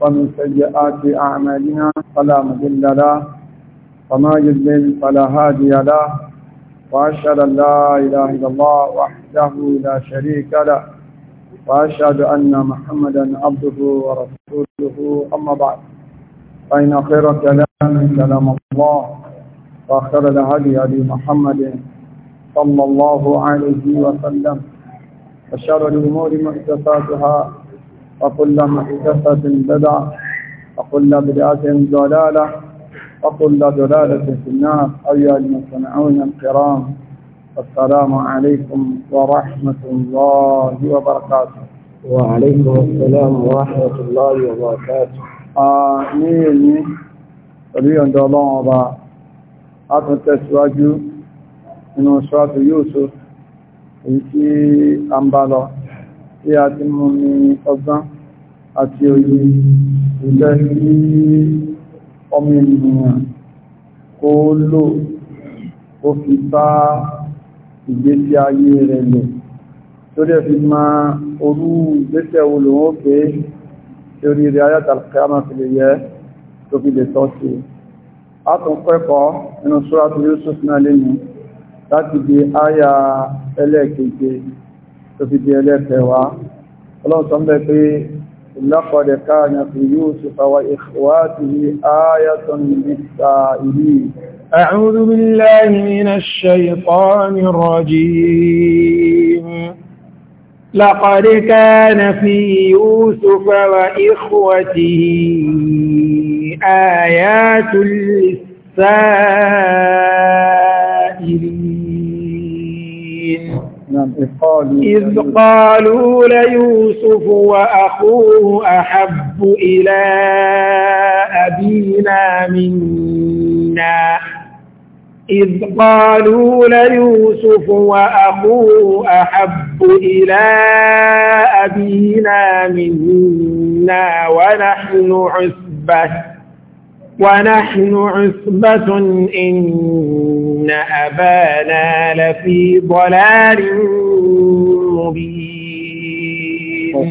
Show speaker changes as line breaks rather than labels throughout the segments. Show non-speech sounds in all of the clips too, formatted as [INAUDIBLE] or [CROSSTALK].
ومن سيئات أعمالنا فلا مضل له وما يضلل فلا هادي له وأشهد أن لا إله إلا الله وحده لا شريك له وأشهد أن محمدا عبده ورسوله أما بعد فإن خير كلام كلام الله وخير الهدي هدي محمد صلى الله عليه وسلم وشر الأمور محدثاتها وكل محدثة بدعة وكل بدعة ضلالة وكل ضلالة في النار أيها المستمعون الكرام السلام عليكم ورحمة الله وبركاته
وعليكم السلام ورحمة
الله وبركاته آمين آه، pẹ̀lú ọ̀dọ̀ ọlọ́run ọba látún tẹ̀síwájú nínú ṣọ́tù Yúsúf èyí tí tí a ti mú ní ọgbọ́n àti òye ìjẹ́ sí ọmọ ènìyàn kó lò ó fi bá ìgbésí ayé rẹ̀ lò torí ẹ̀fí ma orú ìgbésẹ̀ wo lòun ó pé tí orí rẹ̀ ayátàlùkẹ́ máa fi lè yẹ tó fi lè tọ́ sí a tún kẹ́kọ̀ọ́ nínú Suratu Yusuf náà lẹ́nu láti di áyà ẹlẹ́ẹ̀keje tó fi di ẹlẹ́kẹwàá ọlọ́run sọ ń لقد
كان في يوسف وإخواته آية للسائلين أعوذ بالله من الشيطان الرجيم لقد كان في يوسف وإخوته آيات للسائلين نعم، إذ قالوا ليوسف وأخوه أحب إلى أبينا منا إذ قالوا ليوسف وأخوه أحب إلى أبينا منا ونحن عصبة ونحن عصبة إن أبانا لفي ضلال مبين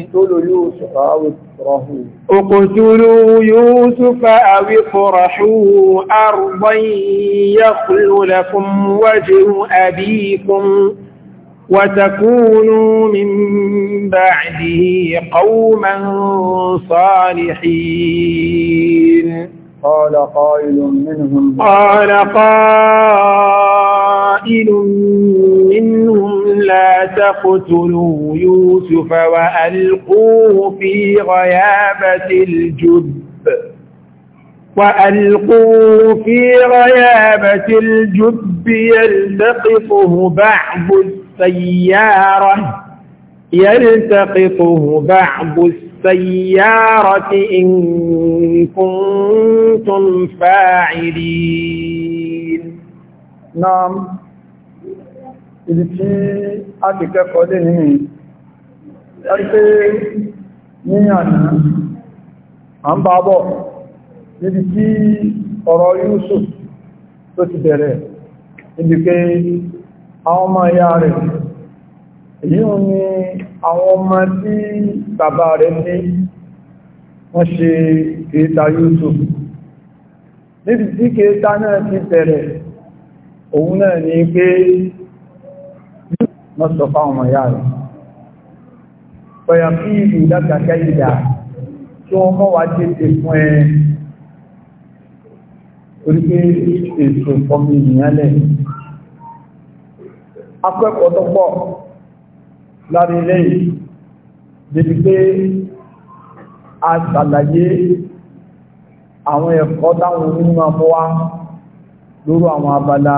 اقتلوا يوسف أو اطرحوه اقتلوا يوسف أو اطرحوه أرضا يخل لكم وجه أبيكم وتكونوا من بعده قوما صالحين قال قائل منهم قال قائل منهم لا تقتلوا يوسف وألقوه في غيابة الجب وألقوه في غيابة الجب يلتقطه بعض السيارة يلتقطه بعض السيارة السيارة إن كنتم فاعلين نعم ibi tí a ti
kẹ́kọ̀ọ́ lè ní ẹgbẹ́ ní àná à ń bá bọ̀ níbi tí ọ̀rọ̀ Yusuf tó ti bẹ̀rẹ̀
ibi pé àwọn ọmọ ìyá rẹ̀ yíò ni àwọn ọmọ tí bàbá rẹ̀ ní
wọ́n ṣe kẹta YouTube níbi tí kẹta náà ti bẹ̀rẹ̀ òun náà ni pé wọ́n sọ fáwọn ọmọ ìyá rẹ̀ pẹ̀yà kí ìlú dákàkà ìdá tí wọ́n mọ́ wá tètè fún ẹ torí pé ètò ìfọ́mí ìyálẹ̀ akẹ́kọ̀ọ́ tó pọ̀ lára ilé yìí débi pé a ṣàlàyé àwọn ẹ̀kọ́ táwọn onímọ̀ mọ́ wá lórí àwọn abala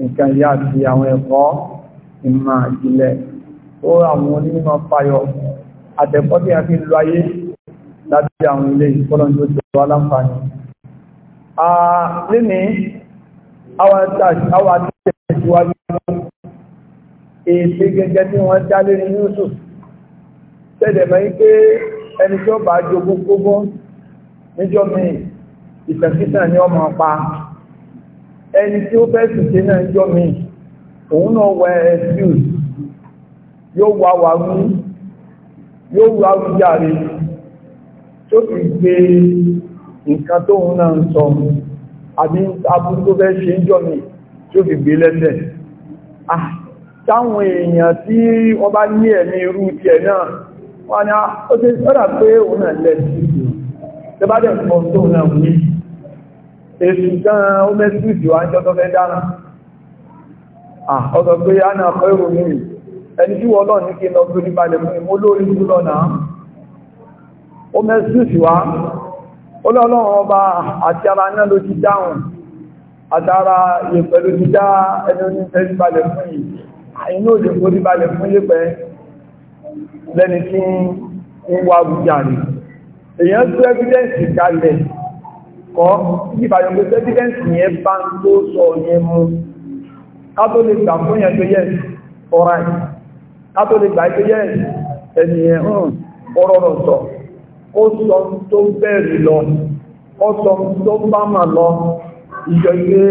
nǹkan ìyá àti àwọn ẹ̀kọ́ ìmọ̀ ìjìnlẹ̀ ó àwọn onímọ̀ fayọ àtẹ̀kọ́ tí a fi lọ ayé lábí àwọn ilé ìkọlọ́njú tó wá láǹfààní. Lénìí, àwọn àti àti ìwájú èsì gẹ́gẹ́ tí wọ́n já lé ní Yusuf tẹ́lẹ̀ mọ́ yí pé ẹni tí ó bá jogún kóbó níjọ́ mi ìfẹ̀sísàn ni ọmọ pa ẹni tí ó fẹ́ sùté náà níjọ́ mi òun náà wẹ excuse yóò wá wá wú yóò wá wú jáde tó fi gbé nǹkan tóun náà ń sọ àbí abúlé tó fẹ́ ṣe níjọ́ mi tó fi gbé lẹ́sẹ̀ ah táwọn èèyàn tí wọ́n bá ní ẹ̀mí irú ti ẹ̀ náà wọ́n ni ah, ó ti sọ́dà pé òun náà lẹ́sí tó bá dẹ̀ fọ́ tó náà wí èsù gan ó mẹ́sí ìjọ àjọ tó fẹ́ dára ọ̀sọ̀ pé a náà kọ́ èrò mi ẹni tí wọ́n lọ́ọ̀ ní kí lọ gbé níbalẹ̀ fún ìmú lórí ìlú lọ́nà ó mẹ́sí ìjọ ọlọ́ọ̀lọ́run ọba àti ara náà ló ti dáhùn àtàrà ìyẹ̀pẹ̀ ló ti dá ẹni oníṣẹ́ níbalẹ̀ fún ìyí àyínú òjò tó rí balẹ̀ fún ilé pẹ́ lẹ́ni tí ń wá gùjàrí èyàn tó ẹ́fídẹ́ǹsì kalẹ̀ kọ́ ìbàyàn pé ẹ́fídẹ́ǹsì yẹn bá ń tó sọ yẹn mú kátó lè gbà fún yẹn tó yẹ ọ̀rá kátó lè gbà tó yẹ ẹnìyẹn hàn hmm, ọ̀rọ̀ rọ̀ sọ ó sọ tó bẹ̀rẹ̀ lọ ó sọ tó bá mà lọ ìjọ ilé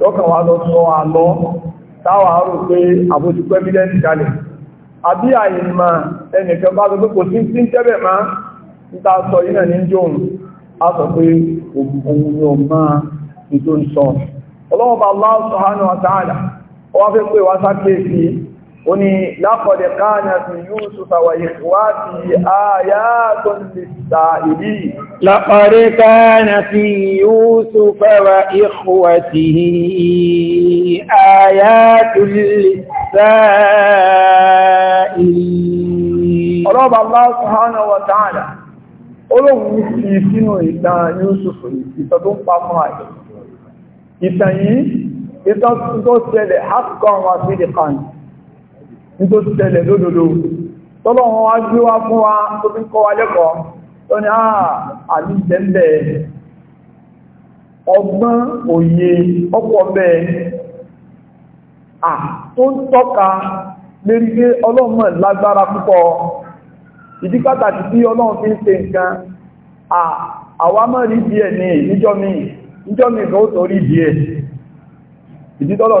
lọ́kàn lọ sọ àlọ́ táwà rò pé àbójúpẹ́ mílẹ́ǹtì kalẹ̀ àbí àyìnmọ̀ ẹnìkan bá gbogbo kò sí sí tẹ́bẹ̀ má ń ta sọ ní a sọ pé máa tó ń sọ Allah subhanahu wa ta'ala ọwọ́ fẹ́ pé oni laqad kana fi yusufa wa ikhwati ayatun lis-sa'ili
laqad kana fi yusufa wa ikhwatihi ayatun lis-sa'ili Ọlọ́ba Allah subhanahu wa ta'ala
Ọlọ́hun fi sínú ìtàn Yusuf ìtàn tó pa fún àjẹ́ ìtàn yìí ìtàn tó ṣẹlẹ̀ tó tẹ̀lẹ̀ lódòdó tọ́lọ́wọ́n wá gbé wá fún wa tó fi kọ́ wa lẹ́kọ̀ọ́ tó ní ah, àmì ìjẹ́m̀bẹ̀ ọgbọ́n òye à tó ń tọ́ka lérí pé ọlọ́mọ̀ lágbára púpọ̀ ìdí pàtàkì tí ọlọ́run fi ń nǹkan àwa mọ́ rí díẹ̀ ní mi mi kan ó tó rí díẹ̀ ìdí tọ́lọ̀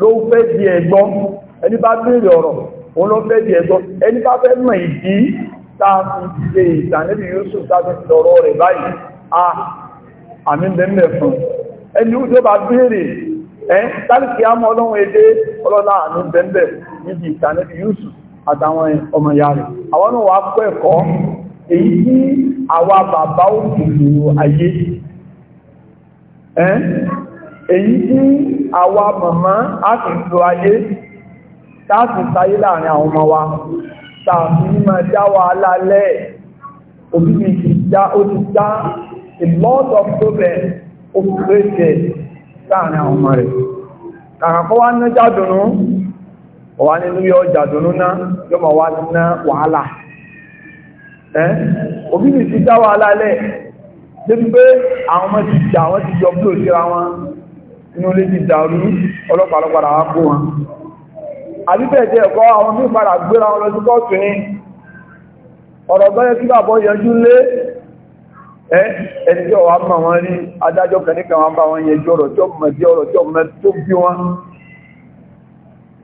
ló fẹ́ di ẹ̀gbọ́ ẹni bá béèrè ọ̀rọ̀ òun ló fẹ́ di ẹ̀gbọ́ ẹni bá fẹ́ mọ̀ ìdí táàfin ṣe ìtànẹ́bì Yusuf táàfin lọ́rọ̀ rẹ̀ báyìí a àmì bẹ́ẹ̀ fún ẹni tó bá béèrè ẹ́ tálìkì àmọ́ ọlọ́run èdè ọlọ́lá àmì bẹ́ẹ̀ níbi ìtànẹ́bì Yusuf àtàwọn ọmọ ìyá rẹ̀ àwọn náà wà kọ́ ẹ̀kọ́ èyí tí àwa bàbá òkùnkùn ayé èyí tí àwa màmá á sì ń lo ayé táàsì sáyé láàrin àwọn ọmọ wa tààsì ní máa já wa alálẹ́ òbí mi ti já ó ti já a lot of problems ó ti rẹ́jẹ̀ láàrin àwọn ọmọ rẹ̀ kàkàkọ́ wá ná jádùnú ọ̀wá nínú yọ jádùnú ná yọ wá ná wàhálà ẹ́ ti já wa alálẹ́ débi pé àwọn ọmọ ti jà wọ́n ti jọ bí òṣèrà wọn inú lè ti dàrú ọlọ́pàá lọ́pàá wá kó wọn àbíbẹ̀ẹ̀jẹ́ ẹ̀kọ́ àwọn mí padà gbéra wọn lọ sí kọ́ọ̀tù ní ọ̀rọ̀ bẹ́rẹ̀ tí bàbọ́ yẹjú lé ẹni tí ọwà mọ̀ wọn rí adájọ́ kẹ́níkà wọn bá wọn yẹjú ọ̀rọ̀ tí ọmọ ẹ̀dí ọ̀rọ̀ tí ọmọ tó bí wọn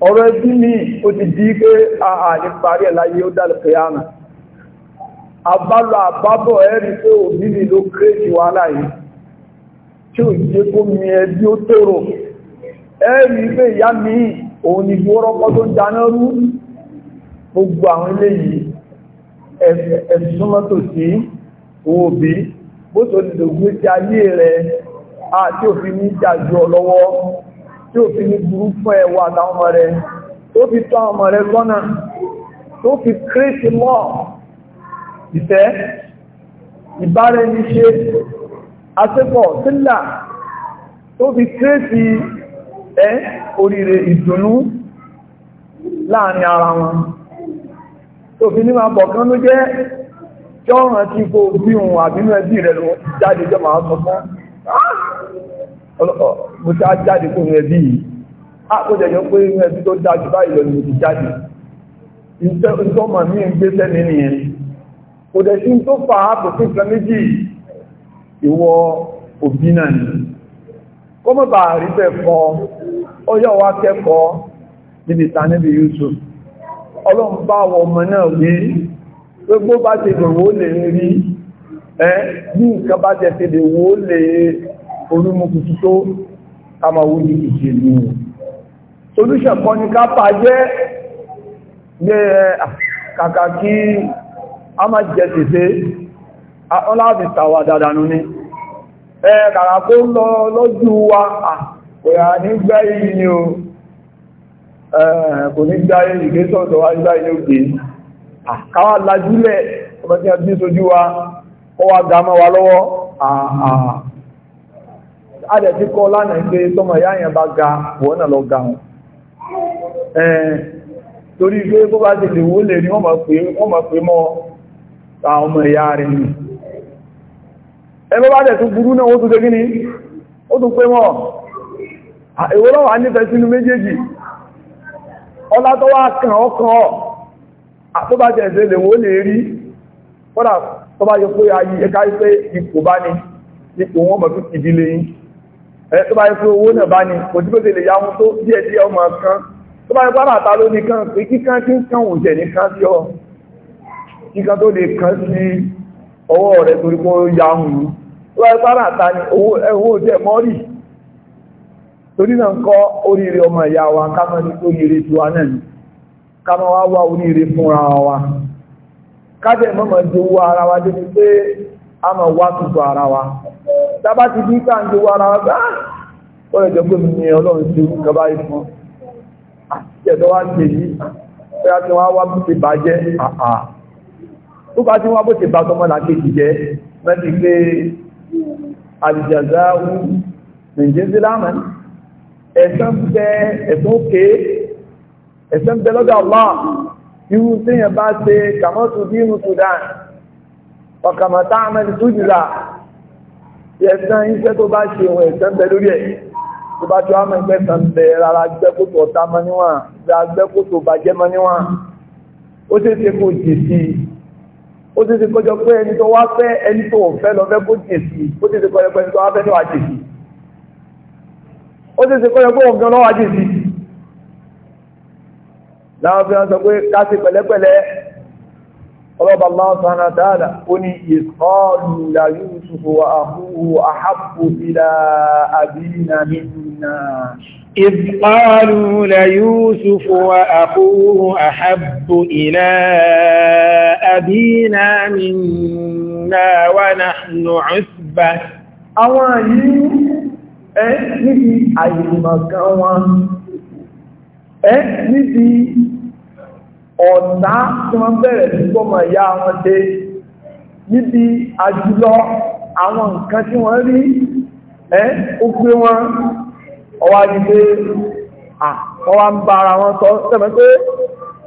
ọ̀rọ̀ ẹbí mi ó ti di pé àà ní parí ẹ̀ láyé ó dálẹ̀ pé àmà àbábọ̀ ẹ̀rí pé òbí ló kéré wá láyé tí ò jẹ́ kó mi ẹbí ó tòrò ẹ̀rí ilé ìyá mi òun ni bí wọ́rọ́pọ́ tó ń dáná rú gbogbo àwọn ilé yìí ẹ̀sùnmọ́tò sí owó bí bó tó ti dògbé ti ayé rẹ̀ àti òfin ní jàjú ọlọ́wọ́ tí òfin ní burú fún ẹwà àtàwọn ọmọ rẹ̀ tó fi tọ́ ọmọ rẹ̀ sọ́nà tó fi kírèsì mọ́ ìfẹ́ ìbára àṣepọ̀ sílà tó fi kéèsì ẹ́ oríire ìdùnnú láàrin ara wọn tó fi ní máa bọ̀kan ló jẹ́ jọ́ràn tí kò bí ohun àbínú ẹbí rẹ̀ lọ jáde jọ máa sọ fún ah! mo ti á jáde kó ní ẹbí yìí á ah, kó jẹ́ yọ pé inú ẹbí tó dájú báyìí lọ ni mo ti jáde ìtọ́mọ̀ mí ń gbé sẹ́ni nìyẹn kò dẹ̀ sí tó fà á kò sí nǹkan méjì ìwọ òbí náà ni kó mọ́ bàá rí bẹ̀ kọ́ ó yọ wá kẹ́kọ̀ọ́ níbi ta níbi Yusuf ọlọ́run bá wọ ọmọ náà wí gbogbo bá ti dòwó lè rí ẹ́ bí nǹkan bá jẹ ti dòwó lè orúmọkùtù tó kàmàwó ní ìṣèlú solution kan ní ká jẹ́ kàkà kí a má jẹ tètè ọláàbì tàwà dàdànù ni ẹ kàrà lọ lójú wa àkòyà nígbà yìí ni o kò ní gbá ìgbésọ̀tọ̀ wá nígbà yìí ni ó àkáwà lajúlẹ̀ ọmọ tí a bí sojú wa wa lọ́wọ́ torí pé bó bá ti lè wó lè ní wọ́n mọ̀ pé mọ́ ọmọ ìyá rẹ̀ nìí ẹgbẹ́ bá dẹ̀ tún burú náà ó tún dégí ní ó tún pé mọ́ ìwọ lọ́wọ́ nífẹ̀ẹ́ sínú méjèèjì ọlá tó wá kàn ọkàn ọ̀ tó bá jẹ́ ẹ̀sẹ̀ lè wó lè rí kọ́dà tó bá yẹ pé ayé ẹka ipé ipò bá ní ipò wọn mọ̀tún ìdílé yìí ẹ̀ tó bá yẹ pé owó náà bá ní kò tí pèsè lè yáwọn tó díẹ̀ díẹ̀ ọmọ kan tó bá yẹ pé àbàtà ló ní kan pé kíkan ọwọ́ rẹ̀ torí kó yáhùn yìí wáyébára àta ni owó jẹ mọ́rì torí náà ń kọ́ oríire ọmọ ìyá wa kámọ́ ní oríire tiwa náà ni kámọ́ wá wá oríire fúnra wa kájẹ̀ mọ́mọ́ di owó ara wa pé a mọ̀ wá tuntun ara wa tábà ti bí ká ń di owó ara wa gbá lè pé mi ni ọlọ́run ti rú kaba wa bóyá tí wọ́n wá bó ti bàjẹ́ tó bá tí wọ́n àlìjàzáwú nìjíńsílámà ẹ̀san bẹ ẹ̀san òkè ẹ̀san bẹ lọ́dọ̀ Allah irú tí yẹn bá ṣe kàmọ́tù bí irú Sudan ọ̀kàmọ̀tá àmẹ́lì tújìlá ẹ̀san iṣẹ́ tó bá ṣe ohun ẹ̀san bẹ lórí ẹ̀ tó bá tó àmọ́ ẹgbẹ́ san bẹ ó ti ti kọjọ pé ẹni tó wá fẹ́ ẹni tó fẹ́ lọ fẹ́ kó jèsì ó ti ti kọjọ pé ẹni tó wá fẹ́ ní wà jèsì ó ti ti kọjọ pé òun lọ́wọ́ jèsì láwọn fi hàn sọ pé pẹ̀lẹ́pẹ̀lẹ́ ọlọ́ba la
أبينا منا ونحن عثبة
àwọn yìí ẹ níbi àìmọ̀kan wọn ẹ níbi ọ̀tá tí wọ́n bẹ̀rẹ̀ sí gbọ́mọ̀ ìyá wọn dé níbi àjùlọ àwọn nǹkan tí wọ́n rí ẹ́ ó pé wọ́n ọwá ní pé àwọn ń bá ara wọn sọ sẹ́mẹ́ pé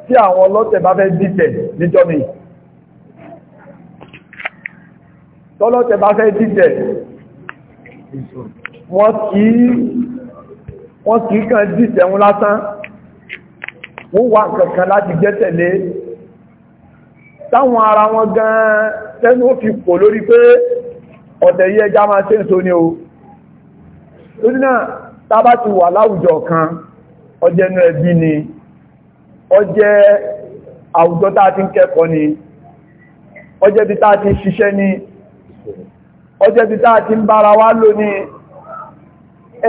tí àwọn ọlọ́tẹ̀ bá fẹ́ dìtẹ̀ níjọ́ mi tọ́lọ́tẹ̀ bá fẹ́ jíjẹ wọ́n kìí kàn jíjẹ wọn lásán wọ́n wà kankan láti jẹ́ tẹ̀lé táwọn ara wọn gan tẹ́nu ó fi pò lórí pé ọ̀tẹ̀ yí ẹja máa ṣe ń so ní o lórí náà tábá ti wà láwùjọ kan ọjẹ́nu ẹbí ni ọjẹ́ àwùjọ táa ti ń kẹ́kọ̀ọ́ ni ọjẹ́ bí táa ti ṣiṣẹ́ ni ọjọ́ ti táà ti ń bára wá lónìí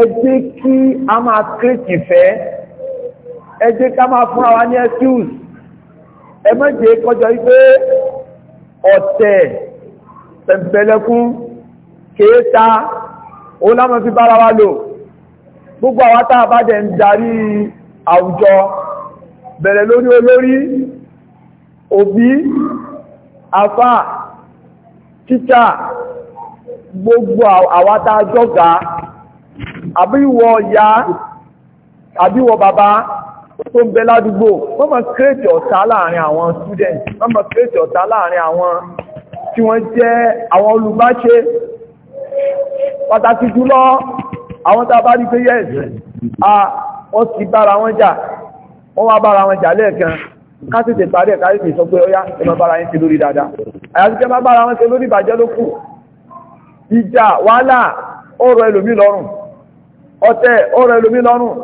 ẹ jẹ́ kí a máa kíríkì fẹ́ ẹ jẹ́ ká máa fúnra wa ní excuse ẹ má jẹ́ kọjọ wípé ọ̀tẹ̀ pẹ̀mpẹ̀lẹ́kún kéèta ó lámọ́ fi bára wa lò gbogbo àwátá àbájẹ̀ ń darí àwùjọ bẹ̀rẹ̀ lórí olórí òbí àfáà títà gbogbo àwátá jọ́gá àbíwọ̀ ya àbíwọ̀ bàbá tó ń bẹ ládúgbò wọ́n mọ̀ kírètì ọ̀tá láàrin àwọn students wọ́n mọ̀ kírètì ọ̀tá láàrin àwọn tí wọ́n jẹ́ àwọn olùbáṣe pàtàkì jùlọ àwọn tàbá rí pé yẹ́ ẹ̀sẹ̀ wọ́n ti bára wọn jà wọ́n wá bára wọn jà lẹ́ẹ̀kan kásìtì parí ẹ̀ káyìí sọ pé ọyá ẹ máa bára yín ṣe lórí dáadáa àyàtí kẹ́ máa bára wọn ṣe lórí ìbàjẹ́ ló kù ìjà wàhálà ọ̀rọ̀ ẹlòmí lọ́rùn ọ̀tẹ̀ ọ̀rọ̀ ẹlòmí lọ́rùn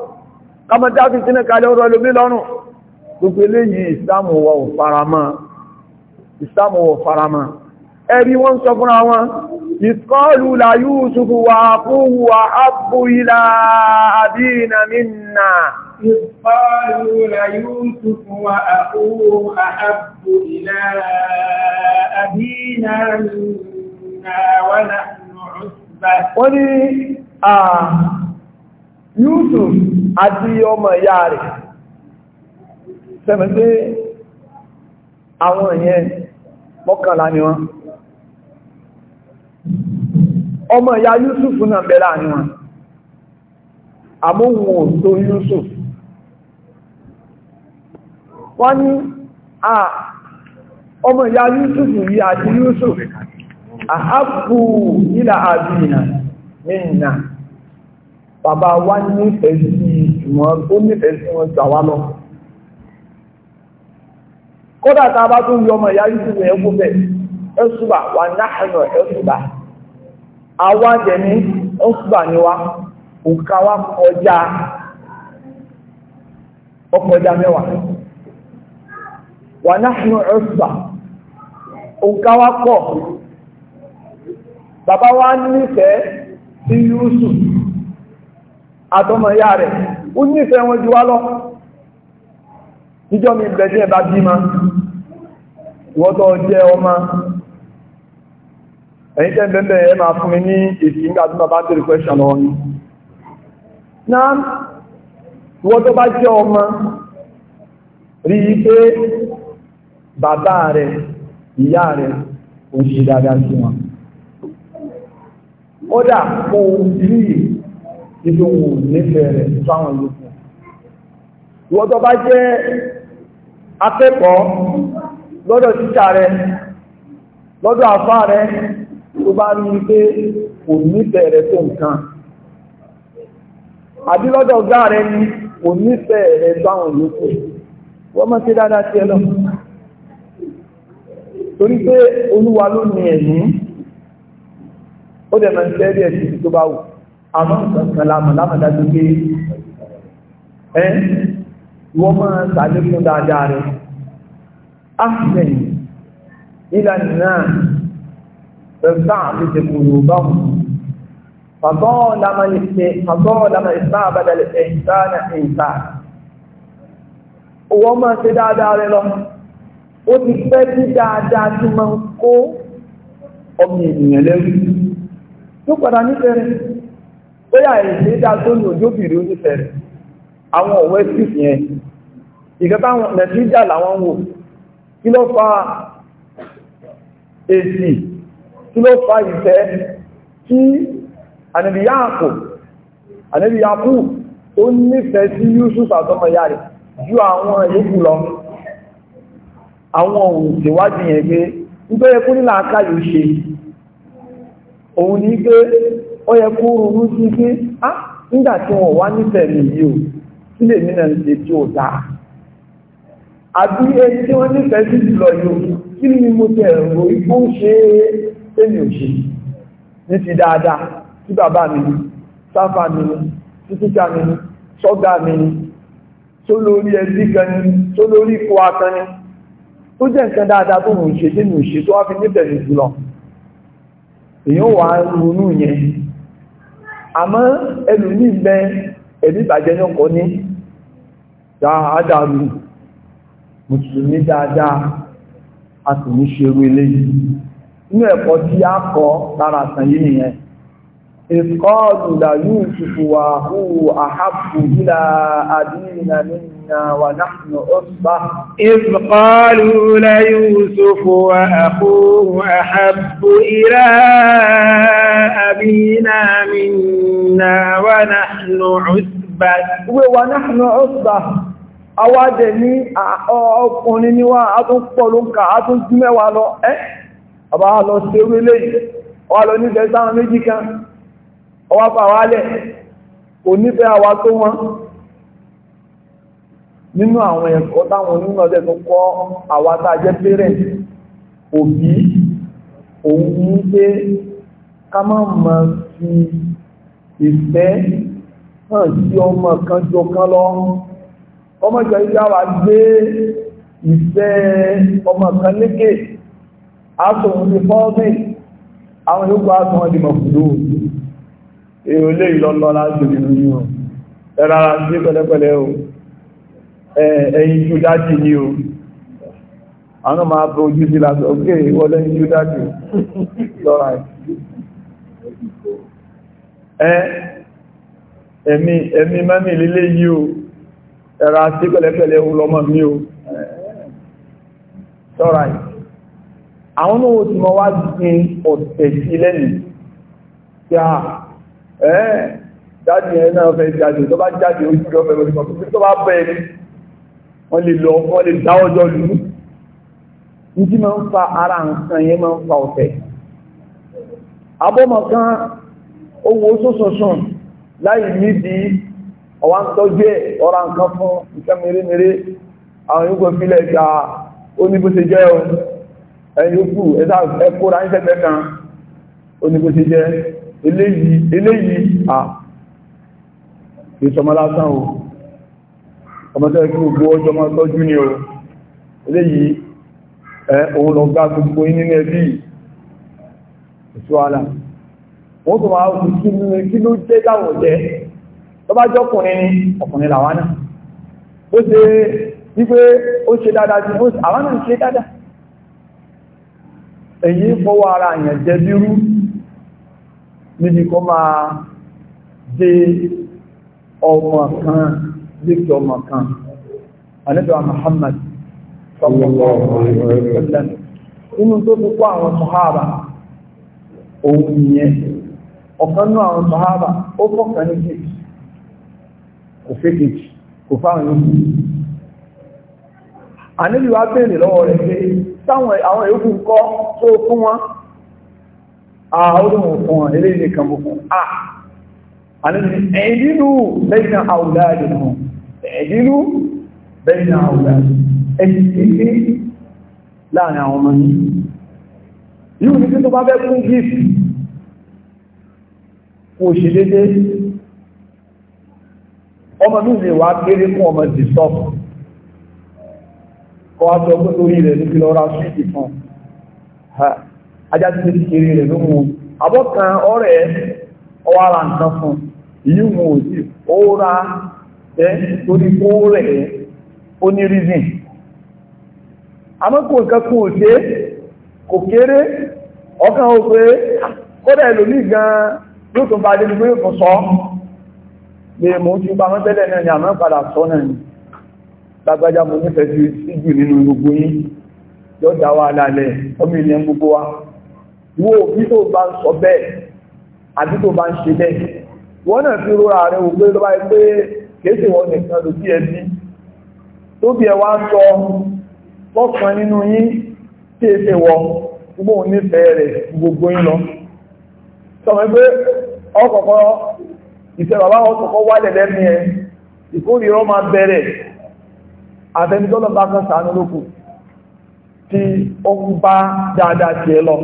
kàmọ́dá fi sínú kalẹ̀ ọ̀rọ̀ ẹlòmí lọ́rùn gbogbo eléyìí ìsìlámù wọ faramọ́ ìsìlámù wọ faramọ́ ẹ̀rí wọ́n sọ fúnra wọn ìsọ́ọ̀lù
la Yúsùfù wà fún wà ápù ilá àbínà mínà إذ قالوا ليوسف وأخوه أحب na أبينا منا ونحن عصبة ولي يوسف àti
ọmọ ìyá rẹ̀ sẹ́mẹ̀sí àwọn ni ọmọ ìyá Yusuf náà bẹ̀rẹ̀ àníwọ̀n àmóhun ò Yusuf wọ́n ní a ọmọ ìyá Yusuf yìí àti Yusuf àhápù ìlà àbìnà nìyà bàbá wa nífẹ̀ẹ́ sí ìwọ̀n tó nífẹ̀ẹ́ sí wọn gbà wá lọ kódà tá a bá tún yọ ọmọ ìyá Yusuf yẹn kú wà náà ẹ̀sùbà àwa jẹ̀mí ẹ̀sùbà ni wa òkà wa wà náhùn ọ̀sà òǹkà wa pọ̀ bàbá wa nífẹ̀ẹ́ Yusuf àtọmọ̀yá rẹ̀ ó nífẹ̀ẹ́ wọn ju wá níjọ́ mi bẹ̀ẹ́ bá bímọ ìwọ́tọ̀ jẹ́ ọmọ je. tẹ́ ẹ mi bàbá rẹ̀ ìyá rẹ̀ ò ṣe dáadáa sí wọn kódà o rí ibi wò nífẹ̀ẹ́ rẹ̀ fáwọn yòókù ìwọ́n tó bá jẹ́ akẹ́kọ̀ọ́ lọ́dọ̀ títà rẹ̀ lọ́dọ̀ àfá rẹ̀ tó bá ní pé kò nífẹ̀ẹ́ rẹ̀ tó nǹkan àbí lọ́dọ̀ ọ̀gá rẹ̀ ni kò nífẹ̀ẹ́ rẹ̀ fáwọn wọ́n dáadáa sí ẹ torí pé olúwa ló ní ẹ̀mí ó dẹ̀ máa ń tẹ́lẹ̀ ẹ̀sìn tó bá wù àmọ́ nǹkan kan lámọ̀ lámọ̀dájú pé ẹ́ wọ́n máa ṣàlékún dáadáa rẹ̀ ahmed ìlànà náà ẹ̀fà àfihàn kúrò bá wù fàbọ́ lámà ìsá àbádàlẹ̀ ẹ̀ńtánà ẹ̀ńtánà wọ́n máa ṣe dáadáa rẹ̀ lọ́mọ́ ó ti fẹ́ tí dáadáa tí ma ń kó ọmọ ènìyàn lẹ́rú tó padà nífẹ̀ẹ́rẹ́ ó yà èdè dáa tó ní ojú òbìrí ó nífẹ̀ẹ́rẹ́ àwọn ọ̀wẹ́ sí yẹn ìkẹta nàìjíríà làwọn wò kí ló fa èsì kí ló fa ìfẹ́ kí ànìyàkù ànìyàkù tó nífẹ̀ẹ́ sí Yusuf àtọmọ ìyá rẹ̀ ju àwọn yòókù lọ àwọn òun tèwádìí yẹn pé nígbé ẹkú nílà akáyò ṣe òun ní pé ó yẹ kó ronú sí pé á nígbà tí wọ́n wá nífẹ̀ẹ́ mi yìí o tí lè mí náà ṣe tí ó dáa àbí ẹni tí wọ́n nífẹ̀ẹ́ sí jùlọ yìí kí ni mo tẹ ẹ̀rọ igbó ṣe é ò ṣe ní ti dáadáa tí bàbá mi ní sáfà mi ní títíkà mi ní sọ́gà mi ní tó lórí ẹbí kan ní tó lórí ikú akan ní tó jẹ́ nǹkan dáadáa tó mò ń ṣe tí mò ń ṣe tó wá fi níbẹ̀ ní jùlọ èyàn wà ronú yẹn àmọ́ ẹlòmíì bẹ ẹ̀mí ìbàjẹ́ náà kọ́ ní dáadáa lù mùsùlùmí dáadáa a sì ní ṣerú eléyìí inú ẹ̀kọ́ tí a kọ́ lára àtàn yìí nìyẹn ìkọ́ọ̀nù làyú ìtùfùwà húwù àhábù ìlà
àdínà nínà wà náà ọ̀sbá. ìkọ́ọ̀nù làyú ìtùfùwà húwù àhábù ìlà àdínà nínà wà náà ọ̀sbá. wà náà ọ̀sbá awádẹ̀ ní ọkùnrin níwá atún pọ̀lú ká
atún a mẹ́wàá ọwá fà wálẹ̀ onífẹ́ àwa tó wọ́n nínú àwọn ẹ̀kọ́ táwọn onímọ̀ ọdẹ tó kọ́ àwa tá a jẹ́ pẹ́rẹ̀ òbí òun ní pé ká má mọ fi ìfẹ́ hàn sí ọmọ kan jọ kan lọ ọmọ ìjọ ìjọ wa gbé ìfẹ́ ọmọ kan lékè àwọn yòókù àtòun ti mọ̀ fùdó èrò lè lọ́lọ́ láti ìlú yìí ẹ̀rọ ara sí pẹ̀lẹ́pẹ̀lẹ́ o ẹ̀yìn jú dájì ní o àwọn máa bọ ojú sí láti ọgbẹ́ ìwọlé jú dájì lọ́ra ẹ̀ ẹ̀mí mẹ́mí lílé yìí o ẹ̀rọ sí pẹ̀lẹ́pẹ̀lẹ́ o lọ́mọ mi o sọ́ra ẹ̀ àwọn náà ti mọ́ wá gbin ọ̀tẹ̀ sí lẹ́nu ẹ́ẹ̀ jáde ẹ̀ náà fẹ́ jáde tó bá jáde ojú lọ fẹ́ lórí kọ̀ọ̀kan tó bá bẹ́ẹ̀ ni wọ́n lè lọ wọ́n lè dá ọjọ́ lù ú ìdí máa ń fa ara nǹkan yẹn máa ń fa ọ̀tẹ̀ abọ́mọ kan owó sọ́sọ̀sùn láì nídìí ọwá ń tọ́jú ẹ̀ ọ̀rá nǹkan fún nǹkan mèremère àwọn yóò fílẹ̀ ìta oníbóse jẹ́ ẹ̀yìn òkú ẹ̀kọ́ ra ń tẹ́gbẹ́ kan oníbóse jẹ́ eléyìí eléyìí à ìsọmọlásán o ọmọdé kí gbogbo ọjọ́ máa tọ́jú ní o eléyìí ẹ òun lọ gbá gbogbo nínú ẹbí ìṣúwàlá wọ́n tó máa wù kí ní kí ló jẹ́ dáwọ̀ jẹ́ tó bá jọ́kùnrin ní ọkùnrin làwọn náà ó ṣe wípé ó ṣe dáadáa sí àwọn náà ṣe dáadáa èyí fọwọ́ ara àyàn jẹ́ bírú níbi kó máa dé ọmọ kan lékè ọmọ kan àníbà Muhammad sallallahu alaihi wasallam inú tó fi kó àwọn sàhábà òun nìyẹn ọ̀kan náà àwọn sàhábà ó fọ́kàn ní kejì kò fẹ́ kejì kò fáwọn yòókù àníbì wá bèèrè lọ́wọ́ rẹ̀ pé táwọn àwọn yòókù ń kọ́ tó fún àádọ́rùn ah, fún ilé nìkan fún ah! ẹ̀dínú bẹ́yìn àwùdáàdì fún ẹ̀dínú bẹ́yìn àwùdáàdì ẹ̀dínú láàrin àwọn ọmọ yìí yíò ní tó bá bẹ́ fún gífì kò ṣe dédé ọmọ ní ilé wà kéré fún ọmọ dìsọ́pù kọ́ ajá ti ti kiri rẹ̀ ló mú abọ́kan ọ̀rẹ́ ọwọ́ ara nǹkan fún ìlú mú òsì ó ra ẹ́ torí kó rẹ̀ ó ní reason amọ́kùn nǹkan kún òṣè kò kéré ọkàn ó pé kódà ẹlòmí gan yóò tún bá débi pé yóò tún sọ lè mú tí bá wọ́n tẹ́lẹ̀ náà ni àmọ́ sọ náà ni lágbájá mo nífẹ̀ẹ́ sí jù nínú gbogbo yín yóò dá wa lálẹ́ ọmọ ilẹ̀ gbogbo wa wo bí tó bá ń sọ bẹ́ẹ̀ àbí tó bá ń ṣe bẹ́ẹ̀ wọ́n náà fi rọra rẹ̀ wò pé ló bá pé kéèsì wọn nìkan ló bí ẹbí tó bí ẹ wá sọ wọ gbogbo òun gbogbo yín lọ sọmọ pé ìfẹ́ bàbá ẹ ìkórìíra máa bẹ̀rẹ̀ bá kan sàánú lókù tí ó ń bá dáadáa tiẹ̀ lọ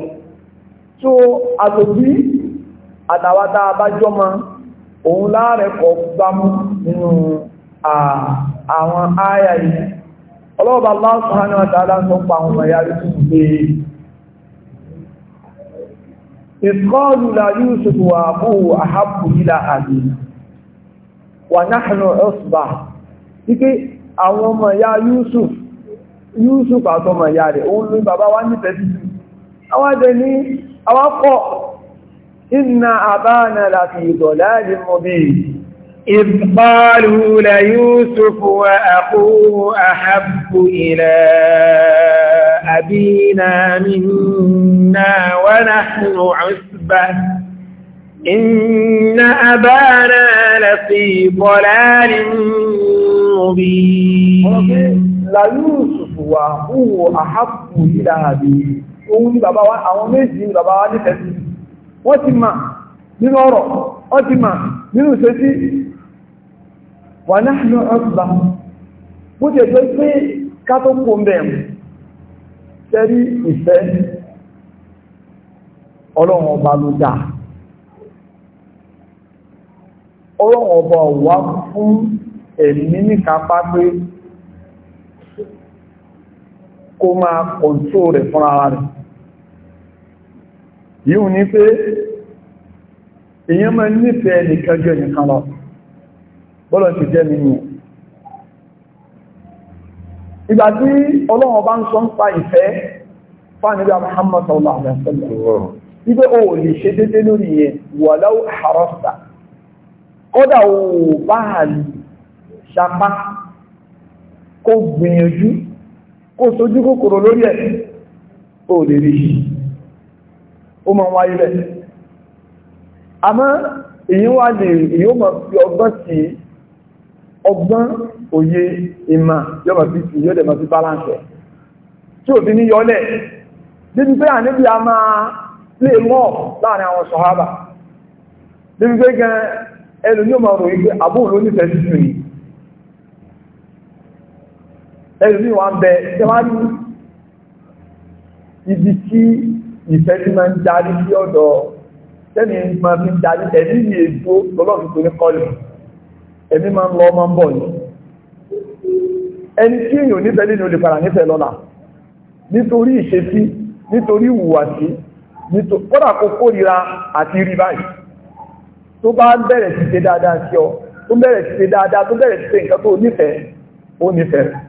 tó àtòbí àtàwátà abájọ́mọ òun láàrẹ kọ̀ gbámú nínú àwọn àyà yìí ọlọ́ọ̀bà Allah subhanahu wa ta'ala sọ pa àwọn ẹ̀yà rí tún pé ìkọlù la Yusuf wà fún àhábù ilá àbí wà nahnu usba wípé àwọn ọmọ ìyá Yusuf Yusuf àtọmọ ìyá rẹ̀ òun ló bàbá wá ní tẹ́sí àwọn àjẹ́ ní àwọn kọ́ iná
àbáàna láti ìdọ̀lá ìmọ̀bí ìpàlù la Yusuf wa akhuhu ahabbu ila abina minna wa nahnu usba إن أبانا لفي ضلال مبين لا يوسف وهو أحب
إلى أبيه òun ni bàbá wa àwọn méjì ni bàbá wa nífẹ̀ẹ́ sí wọ́n ti ma nínú ọ̀rọ̀ wọ́n ti ma nínú ìṣesí wà náà ọ̀sùbà bó ti ẹ̀jọ́ pé ká tó kó tẹ́rí ìfẹ́ ọlọ́run ọba ló dá ọba kó máa kọ̀ntó rẹ̀ fún ara rẹ̀ yíò ní pé èyàn máa nífẹ̀ẹ́ nìkan jẹ́ nìkan lọ bọ́lọ̀ ti jẹ́ nínú ìgbà tí ọlọ́run bá ń sọ ń pa ìfẹ́ fánilé ṣapá kó gbìyànjú kó sojú kòkòrò lórí ẹ̀ ó lè rí ó ma wáyé rẹ̀ àmọ́ èyí wá lè èyí ma fi ọgbọ́n sí ọgbọ́n òye ìmà ma fi sí yọ́dẹ̀ mọ̀ sí balance tí ò fi ní yọ́lẹ̀ débi pé à níbi a máa lè mọ́ láàrin àwọn sọ̀hábà débi pé gan ẹlòmí ò pé àbúrò ló nífẹ̀ẹ́ sí ẹlùmí wa ń bẹ tẹwàá ibi tí ìfẹ́ tí máa ń darí sí ọ̀dọ̀ tẹ́mi máa fi ń darí ẹ̀mí ní èdò lọ́lọ́run tó ní kọ́lù ẹ̀mí máa ń lọ máa ń bọ̀ yìí ẹni tí èèyàn nífẹ̀ẹ́ nínú olè padà nífẹ̀ẹ́ lọ́la nítorí ìṣesí nítorí ìhùwàsí kódà kó kórira àti rí báyìí tó bá bẹ̀rẹ̀ sí ṣe dáadáa sí ọ tó bẹ̀rẹ̀ sí ṣe dáadáa tó bẹ̀rẹ̀ sí ṣe nǹkan tó nífẹ̀ẹ́ ó nífẹ̀ẹ́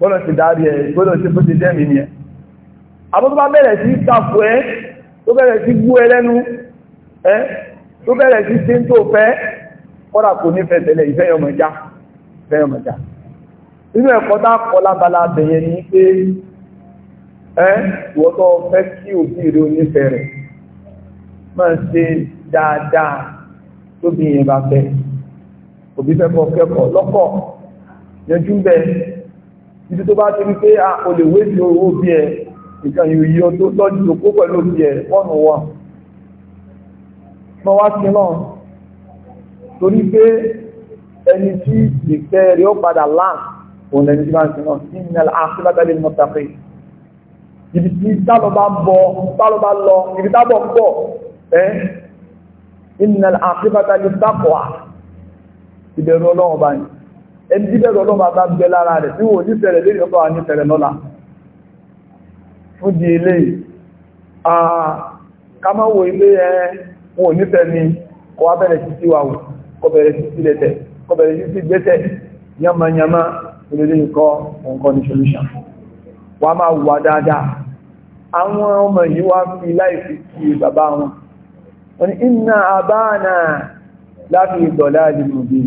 gbọ́dọ̀ ti dárí ẹ̀ gbọ́dọ̀ ti bó ti dẹ́mi ni ẹ̀ àbúrú bá bẹ̀rẹ̀ sí tàfù ẹ́ tó bẹ̀rẹ̀ sí gbú ẹ lẹ́nu ẹ́ tó bẹ̀rẹ̀ sí tí ń tó fẹ́ kọ́dà kò ní fẹ́ tẹ́lẹ̀ ìfẹ́yọmọjá inú ẹ̀kọ́ tá kọ́ lábala bẹ̀yẹ ní pé ẹ́ wọ́tọ́ fẹ́ kí òbí rẹ̀ onífẹ́ rẹ̀ máa ṣe dáadáa tóbi yẹn bá fẹ́ òbí fẹ́ kọ́ kẹ́kọ̀ọ́ lọ́kọ̀ yanjú bẹ́ẹ̀ ibi tó bá ti rí pé ah, o lè wé sí owó bí ẹ nǹkan ìròyìn yóò tó lọ́jú òkú pẹ̀lú bí ẹ wọ́nù wọn mọ́ wá sí náà torí pé ẹni tí ìfẹ́ rí ó padà láà òun lẹ́ni tí bá ń sin náà sí ní àṣílágbálẹ̀ ní mọ́tàkì ibi tí tálọ́ bá ń bọ̀ tálọ́ bá lọ ibi tábọ̀ ń bọ̀ ẹ́ ìnìyàn àṣílágbálẹ̀ tápọ̀ à ìbẹ̀rù ọlọ́run báyìí ẹni tí bẹ́ẹ̀ lọ́lọ́ bàbá bẹ lára rẹ̀ tí wò ní sẹ̀rẹ̀ lórí ọkọ̀ àní sẹ̀rẹ̀ lọ́la fún di ilé kámáwò ilé ẹ wọn ò ni kọ wá bẹ̀rẹ̀ sí síwá wò kọ bẹ̀rẹ̀ sí sí lẹ́tẹ̀ kọ bẹ̀rẹ̀ sí sí gbẹ́tẹ̀ yamayama ilé ikọ́ nǹkan ní solution wà máa wà dáadáa àwọn ọmọ yìí wá fi láìsí sí bàbá láti ìdọ̀lá ìdìmọ̀bí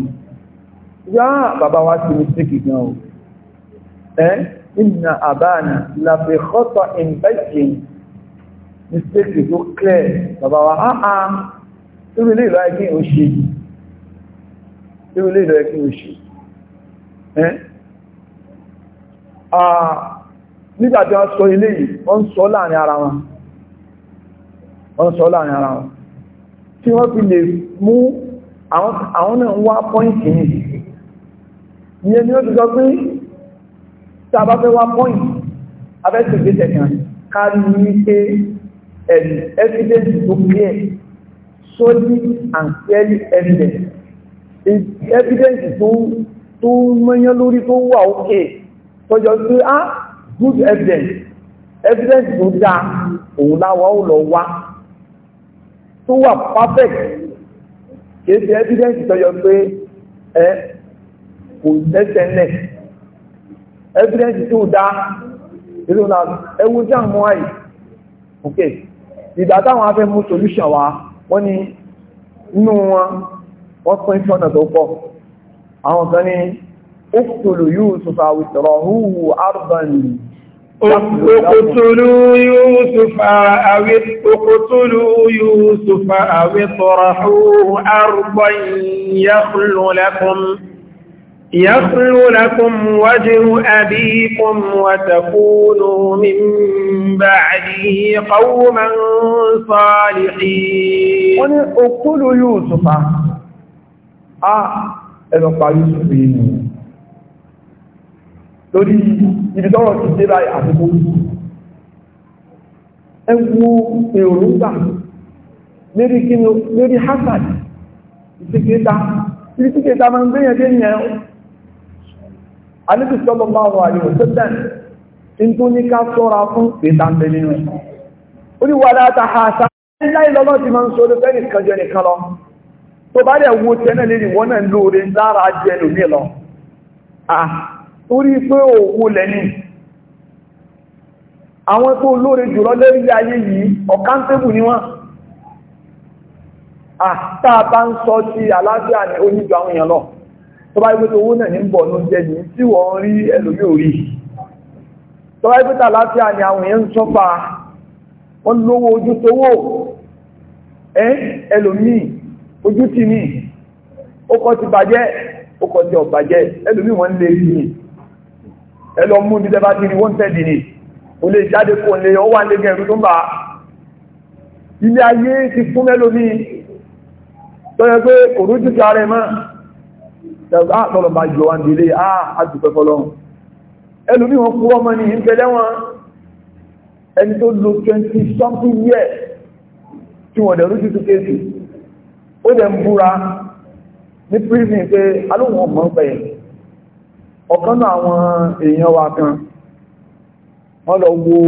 yá bàbá wa ti ní síkì gan o ẹ́ ìnà àbáàni làbẹ̀ kọ́tọ̀ ìbẹ́jì ní síkì tó clẹ̀ bàbá wa áá ah, ah, tí ó lè rà ẹgbẹ́ òṣè tí ó lè rà ẹgbẹ́ òṣè ẹ́ nígbàtí wọ́n sọ ilé yìí wọ́n sọ láàrin ara wọn wọ́n sọ láàrin ara wọn tí wọ́n fi lè mú àwọn náà wá pọ́ìntì yìí ìyẹn ni ó ti sọ pé tí a bá fẹ́ wá pọ́ìn abẹ́sẹ̀ ìgbésẹ̀ kan ní pé evidence tó clear solid and clearly evident evidence tó tó mọ́yán lórí tó wà òkè tọ́jọ́ sí ah good evidence evidence tó dáa òun láwọ́ ò lọ wá tó wà perfect kìí ṣe evidence tọ́jọ́ pé ẹ eh, kò lẹ́sẹ̀ ńlẹ̀ evidence tí ó dá ìlú náà ẹwú tí àwọn ọmọ yìí ok ìgbà táwọn afẹ́ mú solution wá wọ́n ní inú wọn wọ́n pín sọ́nà tó pọ̀ àwọn kan ní اقتلوا يوسف او اطرحوه ارضا اقتلوا
يوسف او اقتلوا يوسف او اطرحوه ارضا يخل لكم يخل لكم وجه أبيكم وتكونوا من بعده قوما صالحين wọ́n ni
òkúlù Yúsùfà a ẹlọ́pàá Yúsùfà inú lórí ibi tọ́rọ̀ ti dé láì àtìkò ẹwú èròǹgbà lérí kínú lérí hasad ìsìkéta ìsìkéta máa ń gbéyànjẹ́ ìyẹn Ànábì sallallahu alaihi wasallam ń tún ní ká sọ́ra fún ìtàǹdẹ̀ nínú ẹ̀. ó ní wàdá ta ha sá láì lọ́lọ́ ti máa ń sọ́rọ̀ fẹ́ nìkan jẹ nìkan lọ tó bá dẹ̀ wo tẹ́nà lè wọ́n náà lóore lára jẹ lómi lọ torí pé ń sọ sí àlàáfíà ní oníjọ àwọn èèyàn lọ tó bá gbé owó náà ní ń bọ̀ ló ń jẹ́ ní tí wọ́n rí ẹlòmí orí tó bá gbé tàlàáfíà ni àwọn èèyàn ń sọ́pa wọ́n lówó ojú tówó ẹ́ ẹlòmí ojú tì ní ó ti bàjẹ́ ó ti ọ̀bàjẹ́ ẹlòmí wọ́n lè rí ni ẹlọ mú ní tẹ́bá ti rí wọ́n tẹ́dì ni ò lè jáde kò lè ọwà lè gẹ̀rù tó ń bà ilé ayé ti fún mẹ́lòmí tó pé kò rújú ti ara ẹ̀ máa tọ́lọ̀ bá jọ wá nílé àádùpẹ́ fọ́lọ́run ẹlùmí wọn kú ọmọ ní ìpẹlẹ́ wọn ẹni tó lo 20 something years tí wọ́n dẹ̀ rújú túnkéèsì ó dẹ̀ ń búra ní prison pé alóhùn ọmọ ń pẹ̀ ọ̀kan náà àwọn èèyàn wa kan wọ́n lọ wo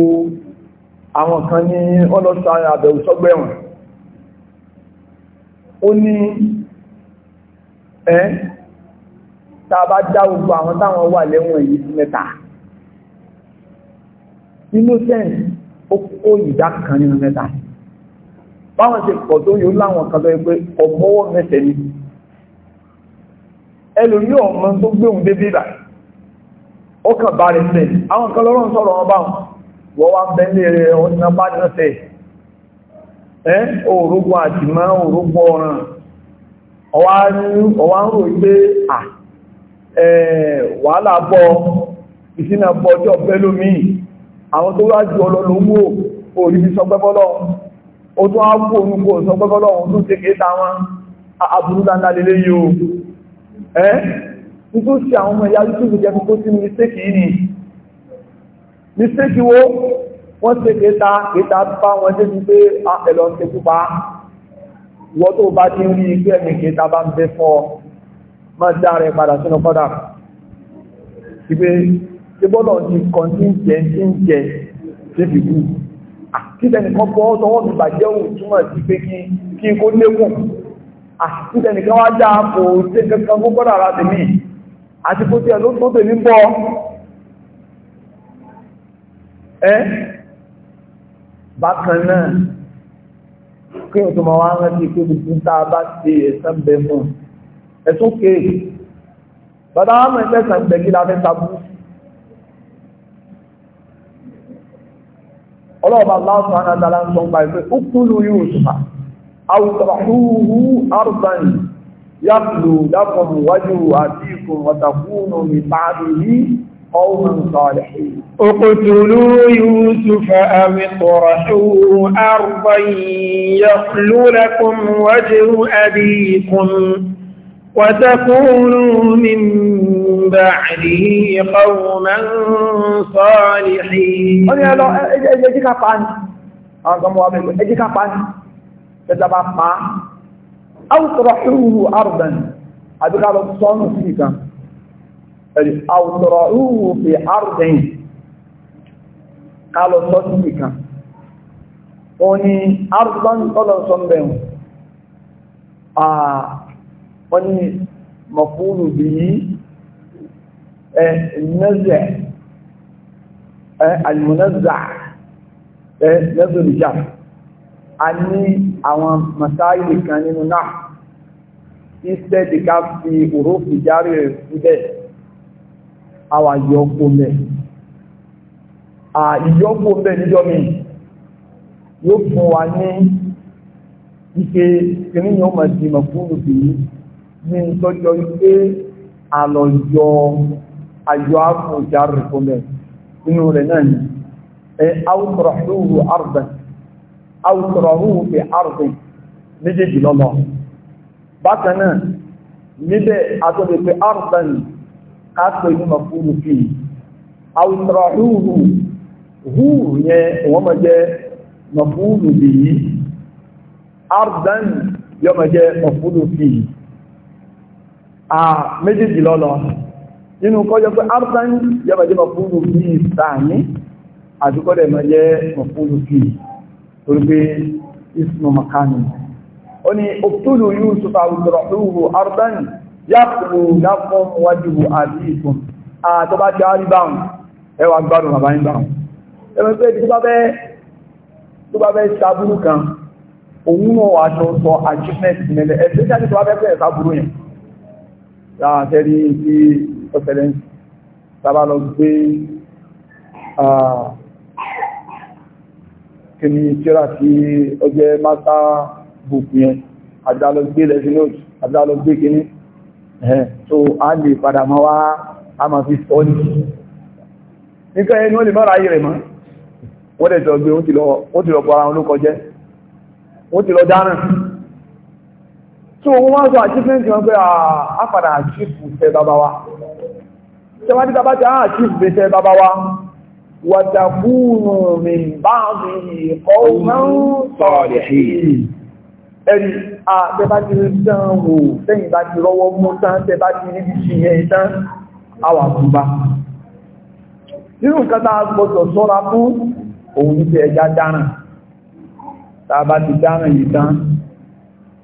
àwọn kan ní wọ́n lọ sa àbẹ̀wò sọ́gbẹ̀wọ̀n ó ní ẹ́ tá a bá dá gbogbo àwọn táwọn wà lẹ́wọ̀n yìí innocent ó kó ìdá kan nínú mẹ́ta báwọn ṣe pọ̀ tó yóò láwọn kan tó yẹ pé ọmọwọ́ mẹ́sẹ̀ ni ọmọ tó gbé òun débí rà ó kàn bá àwọn kan lọ́rọ̀ ń sọ̀rọ̀ wọn báwọn wọ́n wàhálà bọ́ ìsìnà bọ́ ọjọ́ pẹ́lú mi àwọn tó wá jù ọlọ́ ló wò orí fi sọpẹ́fọ́lọ́ ó tún á kú òun kò sọpẹ́fọ́lọ́ òun tún ṣe kéta wọn aburú dáadáa lélẹ́ yìí o ẹ́ nítorí sí àwọn ọmọ ìyá yúkúrú jẹ́ kókó sí mistake yìí ni mistake wo wọ́n ṣe kéta ah, ti pé ẹ̀lọ́ ṣe púpa wọ́n tó máa dáre padà sínú kọ́dà ìgbé ìgbọ́lọ̀ ti kàn tí ń jẹ tí ń jẹ tí fi kú títẹnìkan bọ́ tọwọ́ ti bàjẹ́ òun túmọ̀ sí pé kí kó lékùn títẹnìkan wá já kò tí kankan kó kọ́dà ara tèmi àti kó tí ẹ ló tó tèmi bọ́ ẹ bákan náà kí o tó máa wá rántí pé gbogbo tá a bá ti ẹ̀sán bẹ fún un ẹ̀tún kéèrè bàbá wọn mọ̀ ẹgbẹ́sàn gbẹ̀gí la fẹ́ tabú ọlọ́ọ̀bà láàfà àdàlà ń sọ ń báyìí pé ó kúlù yóò sùfà àwùtàkùrù àrùbáyì yàtùlù dákùn wájú àti ìkùn ọ̀tàkùnù
mi báàbí ní ọmọ sọ̀rẹ̀ وتكونوا من بعده قوما صالحين ọ̀rẹ́ ẹ̀lọ
ẹjíká pa ní àwọn ọmọ ọmọ ẹgbẹ̀ ẹjíká pa ní ẹjọba pa áwùtọ̀rọ̀ ìrùrù àrùdàn àbíká lọ sọ́nù sí ìkan ẹ̀rì áwùtọ̀rọ̀ ìrùrù fi àrùdàn ká lọ sọ́ sí ìkan ó ní àrùdàn tọ́lọ sọ́nbẹ̀rún wọ́n ní mọ̀fúnù bí ẹ nẹ́zẹ̀ ẹ àlùmọ́nẹ́zà ẹ lẹ́gbẹ̀rẹ̀ ìjà a ní àwọn masáyì kan nínú náà iṣẹ́ ti ká fi òrófì járe rẹ̀ sílẹ̀ àwà yọ́pò mẹ́ àyọ́pò yóò fún wa ní ike kìnnìyàn mọ̀ sí mọ̀fúnù bí i ní tọ́jọ́ pé àlọ́yọ ayọ́ àfòjá rẹ̀ fúnlẹ̀ nínú rẹ̀ náà ni ẹ áwùtọ̀rọ̀húhù àrùbẹ̀ áwùtọ̀rọ̀húhù fi àrùbẹ̀ méjèèjì lọ́lọ́ bákan náà níbẹ̀ àtọ́lẹ̀ pé àrùbẹ̀ káàkiri ní mafúrú fi áwùtọ̀rọ̀húhù hù yẹn a méjèèjì lọ́lọ́ nínú kọjọ pé arsan yẹ́bàjẹ́ mọ̀fúnlù bí i sáàní àdúkọ́dẹ̀ ma jẹ́ mọ̀fúnlù bí i torí pé ismu makani ó ní òkúlù yusuf àwùjọ̀rọ̀húhù arsan yàkùlù láfún wájú àti ìfún àtọ́bá ti àrí báhùn ẹwà gbádùn bàbá ń báhùn ẹwà pé tó bá bẹ́ sábúrú kan òun náà wà tó sọ achievement nílẹ̀ ẹ̀sẹ̀ láwọn àtẹ́rí sí ọ̀sẹ̀lẹ́sì sábà lọ gbé ah, kìí tíra sí ọjẹ́ mátà book yẹn àdálọ́gbé lẹ́sìnlọ́tù àdálọ́gbé kìíní ẹ̀ tó a lè padà máa wá a máa fi sọ ní nǹkan ẹni wọ́n lè mọ́ra ayé rẹ̀ mọ́ wọ́n lè tọ́gbé ó ti lọ bọ́ ara wọn ló kọjẹ́ ó ti lọ dáràn so wọ́n wá sọ achievement wọn pé àpàdà àchífù tẹ bàbá wa tẹwàá títà bá ti àwọn àchífù tẹ bàbá wa wàtàkùnù mi ah, bá mi ìkọ́ mẹ́rún sọ̀rẹ̀ ẹ̀rí àtẹ́bá ti rí tán wò tẹ́yìn bá ti rọwọ́ mú tán tẹ́bá ti rí ti yẹ tán àwà kúbá nínú nǹkan tá a gbọ́dọ̀ sọ́ra fún òun ti ẹja dáràn tá a bá ti dáràn yìí tán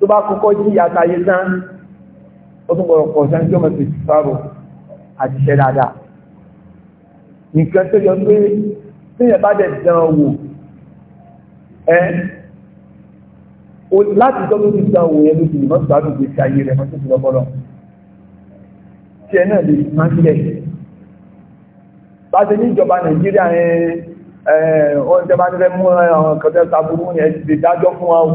tó bá kọ́kọ́ jí àtàyè tán ó tún gbọ́dọ̀ pọ̀ sáńjọ́ mẹ́sì fáró àti iṣẹ́ dáadáa nǹkan tó yọ pé tíyẹ̀ bá dẹ̀ dán wò ẹ́ láti tọ́ tó ti dán wò yẹn ló ti lè mọ́ sàádùn gbèsè ayé rẹ̀ mọ́tò lọ́bọ́lọ́ tí ẹ náà lè máa ń lẹ̀ bá ṣe ní ìjọba Nàìjíríà ẹ̀ ẹ̀ ọ́n tẹ́ bá ń mú ẹ̀ ọ̀kan sábúrú ẹ̀ ti dájọ́ fún wa o.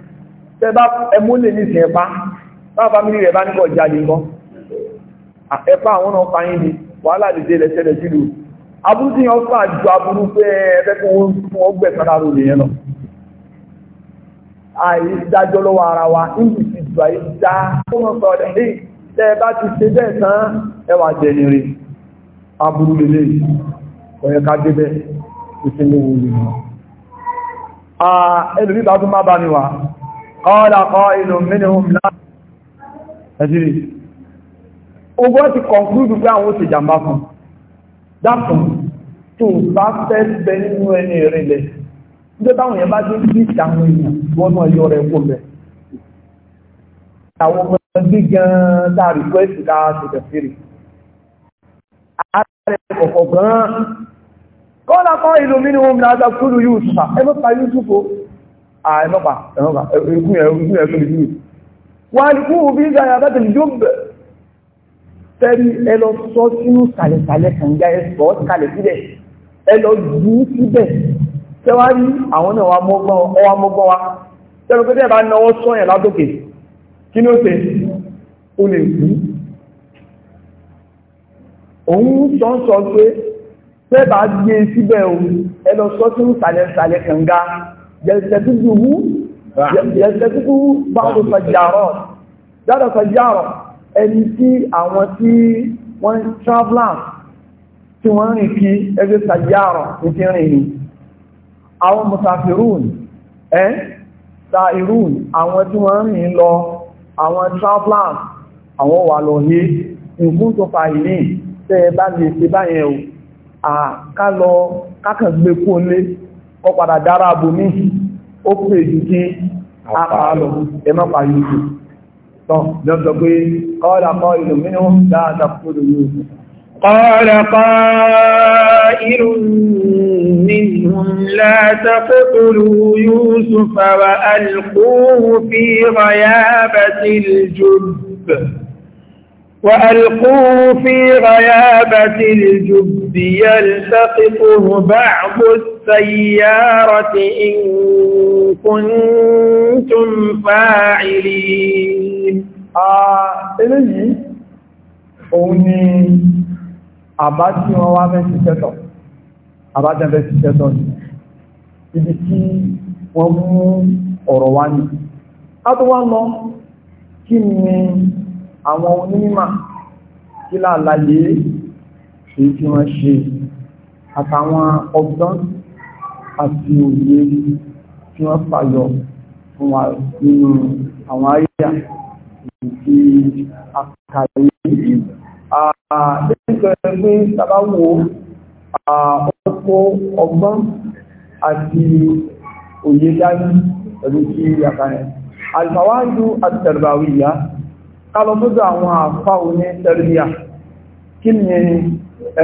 tẹ́bá ẹmú lè ní ìsìn ẹ̀pá bá fámílì rẹ̀ bá níkọ̀ jáde nǹkan ẹ̀pá àwọn náà fáyín ni wàhálà dìde lẹ́sẹ̀lẹ̀ sílù aburú tí yàn fà ju aburú pé ẹgbẹ́ fún wọn gbẹ̀ sádàrú nìyẹn lọ àìdájọ́ lọ́wọ́ ara wa níbi ti jù àìdá tó wọ́n sọ ọ̀dẹ̀ ní tẹ́ bá ti ṣe bẹ́ẹ̀ tán ẹwà jẹnire aburú lélẹ̀ ọ̀yẹ́ ká débẹ̀ ìsinmi wò lè mọ́ ẹlòmí bá tún má bá ní wa قال قائل منهم لا أجري ogbọ́n ti kọ̀nkúrùdù pé àwọn òṣè jàmbá kan dákùn tó bá fẹ́ bẹ nínú ẹni ìrìnlẹ̀ níjọ́ táwọn èèyàn bá tí ń bí ìtàwọn èèyàn wọ́n náà yọ rẹ̀ kó bẹ̀ àwọn ọmọ ẹgbẹ́ gan-an tá rìkwẹ́sì ká ṣẹ̀kẹ̀ fèrè ààrẹ kọ̀kọ̀ gan-an kọ́lá kọ́ ìlú mínú omi láti kúrú Yusuf Ah, ẹ̀mọ́pàá ẹ̀mọ́pàá ẹ̀kún ẹ̀kún ẹ̀kún ìlú wà ní kú bí ìgbàyà bá tẹ̀lé yóò bẹ̀ tẹ́rí ẹlọ sọ sínú sàlẹ̀sàlẹ̀ kànga ẹ̀sọ́ kalẹ̀ síbẹ̀ ẹlọ jù ú síbẹ̀ tẹ́wárí àwọn náà wà wa tẹ́lọ pé tẹ́ẹ̀bá náwọ́ sọ́yẹ̀ látòkè kí ni ó ṣe ó lè kú òun sọ ń sọ pé tẹ́ẹ̀bá gbé e síbẹ̀ ẹlọ sọ sàlẹ̀sàlẹ̀ kànga yẹ̀sẹ̀kúkú báwọn fàjárọ̀ dáadáa fàjárọ̀ ẹni tí àwọn tí wọ́n travelers tí wọ́n rìn kí ẹgbẹ́ fàjárọ̀ ti rìn ní àwọn musafirun ẹ́ sa'irun àwọn tí wọ́n rìn lọ àwọn travelers àwọn wà lọ yé nǹkún tó fa ìní tẹ́ bá lè ṣe báyẹn o àkálọ kákàgbé kó lé kọ́ padà dára àbòmí ó pè jù kí àpàálọ̀ ẹmọ́ pàyí jù tán lọ́sọ pé kọ́ọ̀lá kọ́ ìlú mínú dáadáa kúrò ní
oṣù وألقوه في غيابة الجب يلتقطه بعض السيارة إن كنتم فاعلين eléyìí òun ni
àbá tí wọ́n wá fẹ́ ṣiṣẹ́ tọ̀ àbá tí wọ́n fẹ́ ṣiṣẹ́ tọ̀ ní ibi tí wá lọ kí ni àwọn onímọ̀ kí láàlàyé èyí tí wọ́n ṣe àtàwọn ọgbọ́n àti òye tí wọ́n fàyọ fún wa nínú àwọn àríyà ìdí àkàrí lẹ́gbẹ̀ẹ́ pé tàbáwò ọ̀pọ̀ ọgbọ́n àti òye dání pẹ̀lú sí àkàrẹ̀ alfawájú àti tẹ̀rẹ̀bàwíyà kálọ tó dá àwọn àfá oní tẹ̀rẹ̀bíyà kí ni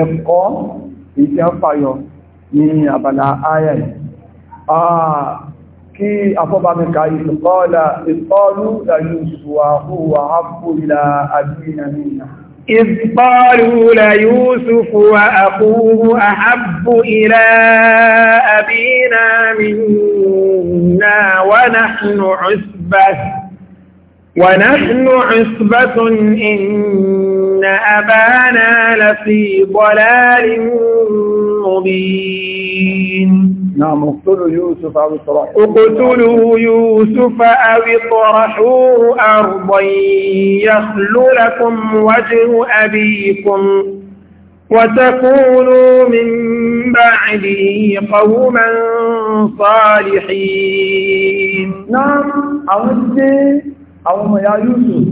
ẹ̀kọ́ ìfẹ́ fàyọ ní àbàlá ayà kí afọ́bàmíkà ìsìnkọ́lá ìsìnkọ́lú lẹ́yìn
ìṣùwà hùwà hapù ìlà àdúgbìnà nìyà إذ قالوا ليوسف وأخوه أحب إلى أبينا منا ونحن عسبة
ونحن
عصبة إن أبانا لفي ضلال مبين نعم اقتلوا يوسف أو اطرحوه اقتلوا يوسف أو اطرحوه أرضا يخل لكم وجه أبيكم وتكونوا من بعده قوما صالحين نعم أودي
àwọn ọmọ ìyá Yusuf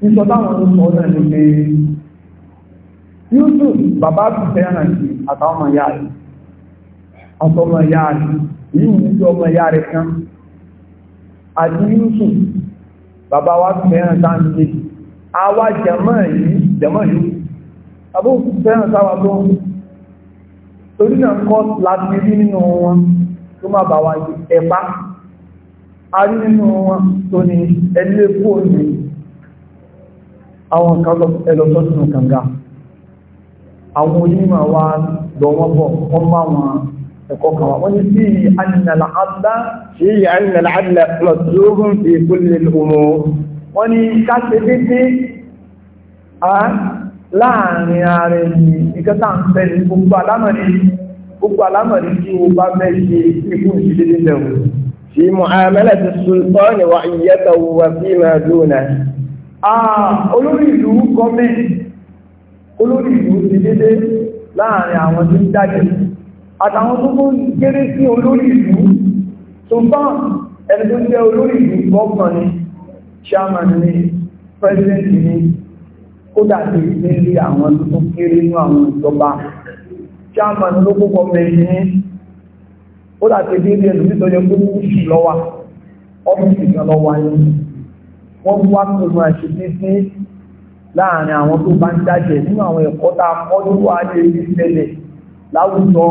nísọ táwọn ló sọ náà ní pé Yusuf bàbá fẹ́ràn sí àtàwọn ọmọ ìyá rẹ̀ àtọmọ ìyá rẹ̀ yìí ní sí ọmọ ìyá rẹ̀ kan àti Yusuf bàbá wa fẹ́ràn sáńdé àwa jẹ̀mọ́ yìí jẹ̀mọ́ yìí ń torí náà kọ́ a rí nínú wọn tó ní ẹlẹ́kò ní àwọn ẹlọ́sọ́sùn kànga àwọn onímọ̀ wa lọ wọ́n bọ̀ wọ́n má wọn ẹ̀kọ́ kan wọ́n ní sí ànìyànlá àdá sí ànìyànlá àdá lọ́sọ́gùn fi kúlẹ̀ lọ́mọ wọ́n ní káṣe gbogbo alámọ̀rí tí ó bá fẹ́ ṣe ikú ìṣẹ́lẹ̀ lẹ́wọ̀n في معاملة السلطان وعيته
وفيما دونه
olórí ìlú gọ́mẹ̀ olórí ìlú ti dédé láàrin àwọn tí ń dájẹ́ àtàwọn tó kún gẹ́rẹ́ sí olórí ìlú tó bá ẹni tó jẹ́ olórí ìlú gọ́ọ̀kan ni chairman ni president ni kódà tí ìpínlẹ̀ àwọn tó kéré ní àwọn ìjọba chairman ló kókọ́ mẹ́rin ní ó dàtẹ̀ bí ilé ẹlòmí tó yẹ kó mú sí lọ́wọ́ ọ́fíìsì kan lọ́wọ́ ayé wọ́n wá tó máa ṣe títí láàrin àwọn tó bá ń dájẹ́ nínú àwọn ẹ̀kọ́ tá a kọ́ ló wà ní ilé ìṣẹ̀lẹ̀ láwùjọ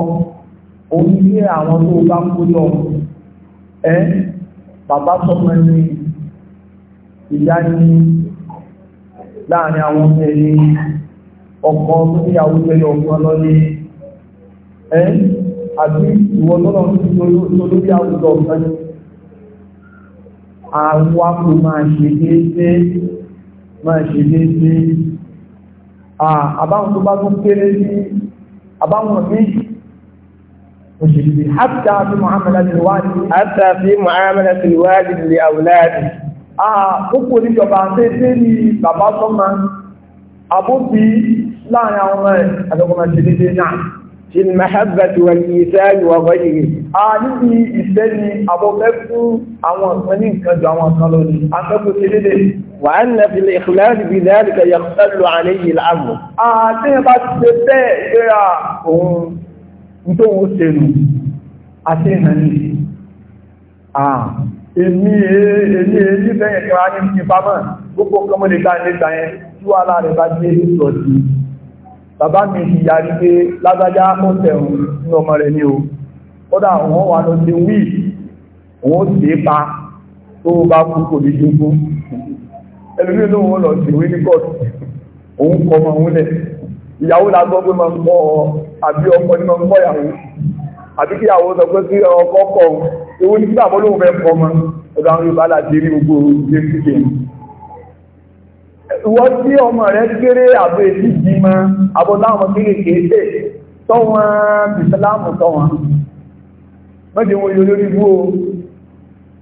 òun ní àwọn tó bá kó lọ ẹ bàbá sọmọ ní ìyá ní láàrin àwọn ọmọ ọkọ tó níyàwó pẹ̀lú ọkọ lọ́lé ẹ àbí ìwọ tó náà ti lórí àwùjọ ọ̀sán àwọn akọ máa ṣe déédé máa ṣe déédé àbáwọn tó bá tún kéré ní àbáwọn ní òṣèlú hátà fi mọ̀hámẹ́lá ti wáàdì hátà fi mọ̀hámẹ́lá ti wáàdì lè àwùláàdì àkókò níjọba déédé ní bàbá sọ́mà àbóbi láàrin àwọn ọmọ ẹ̀ àtọkọmọ̀ ṣe déédé náà في المحبة والإيثار وغيره àníbi ìfẹ́ ni àbọ̀fẹ́ fún àwọn kan ní nǹkan jù àwọn kan lọ ní akẹ́kọ̀ọ́ ti léde وأن في الإخلال بذلك يختل عليه الأمر àti ìbá ti ṣe bẹ́ẹ̀ ìgbéra òun tó ń ṣe nù àti ìhàn ní èmi èmi èmi bẹ́yẹn kí wọ́n á ní ìfipamọ́ gbogbo kọmọdé tá a ní ìgbà yẹn tí wàhálà rẹ̀ bá dé ìsọ̀tì bàbá mi ti yàrí pé lágbájá ó tẹ̀rùn ní ọmọ rẹ̀ ní o kódà wọ́n wà lọ sí wí òun sì pa tó bá kú kò ní jogún ẹlòmíràn ló wọ́n lọ sí wí ní kọ́ọ̀tù òun kọ́ ọmọ òun lẹ̀ ìyàwó la gbọ́ pé máa ń kọ́ ọ àbí ọkọ ni máa ń kọ́ ìyàwó àbí kí ìyàwó sọ pé kí ọkọ kọ̀ òun ní kí bàbá olóhùn fẹ́ kọ́ ọmọ ọ̀dọ̀ àwọn Yorùbá là ìwọ́ tí ọmọ rẹ̀ kéré àbò èsì jímọ́ abọ́láwọn kéèkéé tọ́wọ́n bìsìláàmù tọ́wọ́n mọ́dé wọn yóò lórí bú o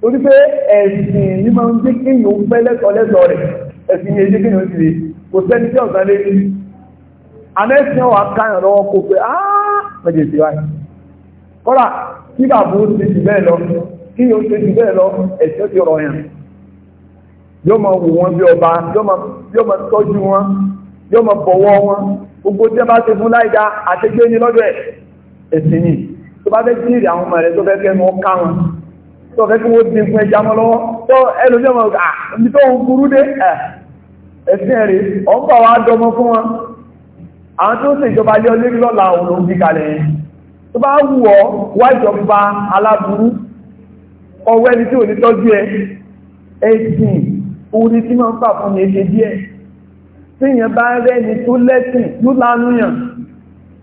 torí pé ẹ̀sìn ní máa ń jẹ́ kéèyàn ń fẹ́ lẹ́tọ̀ lẹ́tọ̀ rẹ̀ ẹ̀sìn yẹn jẹ́ kéèyàn ti lè kò sẹ́ni tí ọ̀sán lé ní amẹ́sìn wà káyàn lọ́wọ́ kó pé áá mẹ́jẹ̀ sí wáyé kọ́ra kí bàbá ó ti jù bẹ́ẹ̀ lọ kí yóò ti jù bẹ́ẹ̀ lọ ẹ̀sìn ó yóò máa wò wọn bí ọba yóò máa tọ́jú wọn yóò máa bọ̀wọ́ wọn gbogbo tí a bá ṣe fún láìdá àtẹ́gbé ní lọ́dọ̀ ẹ̀ ẹ̀sìn ni tó bá fẹ́ jíìrì àwọn ọmọ rẹ̀ tó fẹ́ kẹ́nu ọká wọn tó fẹ́ kí wọ́n ti fún ẹja mọ́ lọ́wọ́ tó ẹlòmí ọmọ ọ̀gá àmì tó ń burú dé ẹ̀sìn rẹ̀ ọ̀pọ̀ wa dọmọ fún wọn àwọn tó ṣe ìjọba lé ọlé lọ́la òun ló ń bí kalẹ̀ yẹn tó bá wù ọ́ wá ìjọba aláburú ọwọ́ ẹni tí ò ní tọ́jú ẹ ẹ̀sìn orí tí máa ń fà fún ní díẹ̀ tí èèyàn bá ń rẹ́ni tó lẹ́sìn ló lánúyàn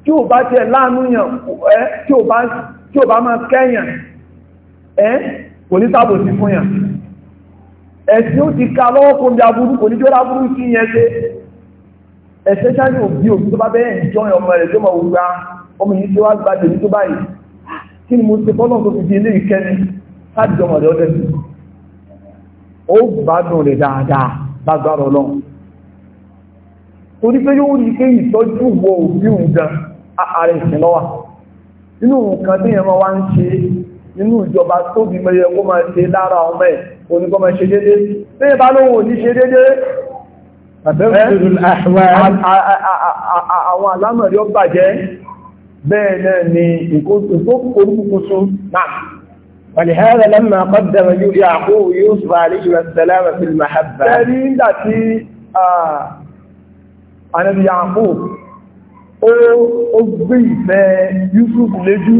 tí ò bá tiẹ̀ lánúyàn ẹ́ tí ò bá máa kẹ́yàn ẹ́ kò ní sábò sí fún yàn ẹ̀sìn ó ti ka lọ́wọ́ kó bí aburú kò ní jọ́ láburú sí yẹn ṣe ẹ̀sẹ̀ ṣáájú òbí òbí tó bá bẹ́ẹ̀ ń jọyàn ọmọ rẹ̀ tó mọ̀ wúra ah, ọmọ yìí tí wá gbàdé ní tó báyìí ah, kí ni mo ṣe fọ́nà tó fi di ilé ìkẹ́ni láti jọmọ̀ rẹ̀ ó gbádùn rẹ̀ dáadáa lágbára ọlọ́run torí pé yóò rí pé ìtọ́jú wọ òbí òǹgá ààrẹ ìsìnlọ́wà nínú nǹkan tí ẹ̀mọ́ wá ń ṣe nínú ìjọba tó bí mẹ́rẹ kó máa ṣe lára ọmọ ẹ̀ oníkọ́ máa ṣe dédé tí ìbá lóhun ò ní ṣe dédé àwọn alámọ̀rí ọ bàjẹ́ bẹ́ẹ̀ náà ni ìkókòrò ولهذا لما قدم يعقوب يوسف عليه السلام في المحبة ترين داتي أنا يعقوب ó ó gbé ìfẹ́ Yusuf léjú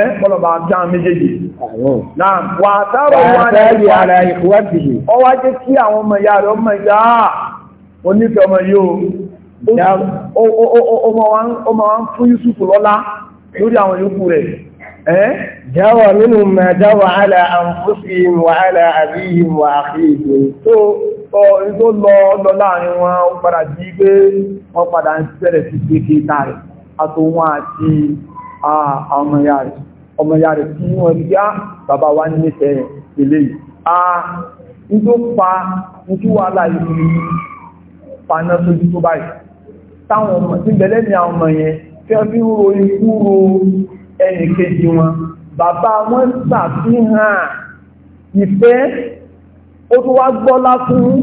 ẹ́ pọ́lọ̀bà tí a méjèèjì náà wà táàrà wọn àdáyé ara ìwádìí ọ wá jẹ́ kí àwọn ọmọ ìyá rẹ̀ ọmọ ìyá wọn nífẹ̀ẹ́ ọmọ yóò ọmọ wọn fún Yusuf lọ́lá lórí àwọn yòókù rẹ̀
Eh? jáwà nínú ma jáwà ala anfusihim wa ala abihim wa akhihim tó tó lọ lọ láàrin wọn ó padà jí pé
wọ́n padà ń sẹ́rẹ̀ sí pé kí tààrẹ̀ àtòwọn àti ọmọ ìyá rẹ̀ ọmọ ìyá rẹ̀ tí wọ́n rí á bàbá wa nífẹ̀ẹ́ ẹnì kejì wọn bàbá wọn ṣàfihàn ìfẹ́ ó tó wá gbọ́lá fún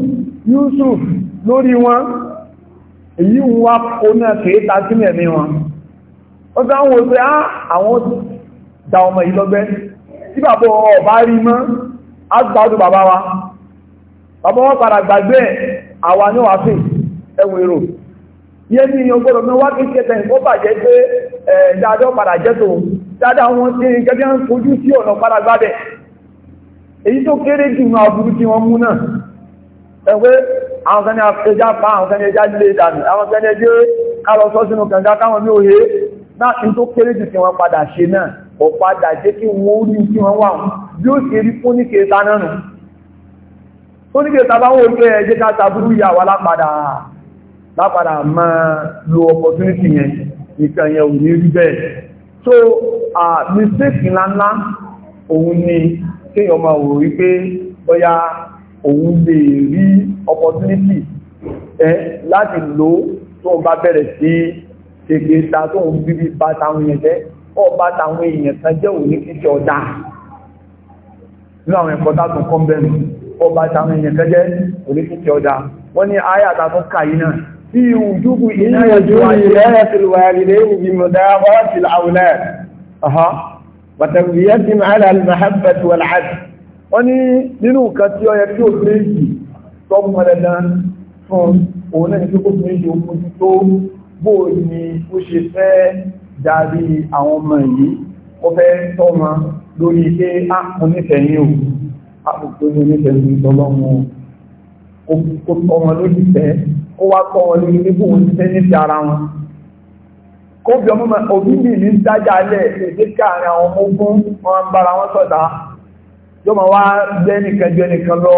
Yusuf lórí wọn èyí ń wá oná kèéta sínú ẹ̀mí wọn ó dáhùn ó pé ah, àwọn da ọmọ yìí lọ́gbẹ́ tí bàbá ọba rí mọ́ á gbádùn bàbá wa bàbá wọn padà gbàgbé àwa ní wàá fè ẹwọ èrò yẹn ní ọgbọ́dọ̀ náà wá kékeré tẹ̀ ń kó pé Eh, dáadọ́ padà jẹ́tò dáadáa wọn tí gẹ́gẹ́ ń fojú sí ọ̀nà padà gbádẹ̀ èyí tó kéré jù ní àbúrú tí wọ́n mú náà ẹgbẹ́ àwọn kan ní ẹjá pa àwọn kan ní ẹjá lè dànù àwọn kan ní ẹjẹ́ kálọ sọ sínú kànga káwọn ní òye láti tó kéré jù tí wọ́n padà ṣe náà ó padà jẹ́ kí wọ́n rí tí wọ́n wà bí ó ṣe rí fóníkè tánánù fóníkè tàbáwò pé ẹjẹ́ ká sàbúrú ìyàwó lápadà lápadà máa lo opportunity yẹn nìkan yẹn ò ní rí bẹ́ẹ̀ so mistake ńláńlá òun ni kéèyàn máa wò wípé bóyá òun lè rí opportunity ẹ láti lò tó ń bá bẹ̀rẹ̀ sí ṣègbèta tó ń bíbí bá táwọn èèyàn jẹ́ ọba táwọn èèyàn kan jẹ́ òun ní kíkẹ́ ọ̀dà nínú àwọn ẹ̀kọ́ tàbí kọ́ńbẹ̀rún ọba táwọn èèyàn kan jẹ́ òun ní kíkẹ́ ọ̀dà wọ́n ní ayé àtàkùn kàyí náà
في وجوب عناية
الوالدين بمداراة الأولاد أها وتربيتهم على المحبة والعدل wọ́n ní nínú nǹkan tí ó yẹ kí òfin èyí tó mọ́ dandan fún òun náà ní kí òfin èyí ó mójú tó bó ní ó ṣe fẹ́ darí àwọn ọmọ yìí ó fẹ́ tọ́mọ lórí pé á ah, kún nífẹ̀ẹ́ yìí ó á kún tó ní onífẹ̀ẹ́ kó wá kọ́ wọn ní níbù wọn ti tẹ́ níbi ara wọn kó fi ọmọ òbí mi ní dájà lẹ̀ èdè káàrin àwọn ọmọ ogun wọn ń bára wọn sọ̀dá yóò máa wá gbé nìkan gbé nìkan lọ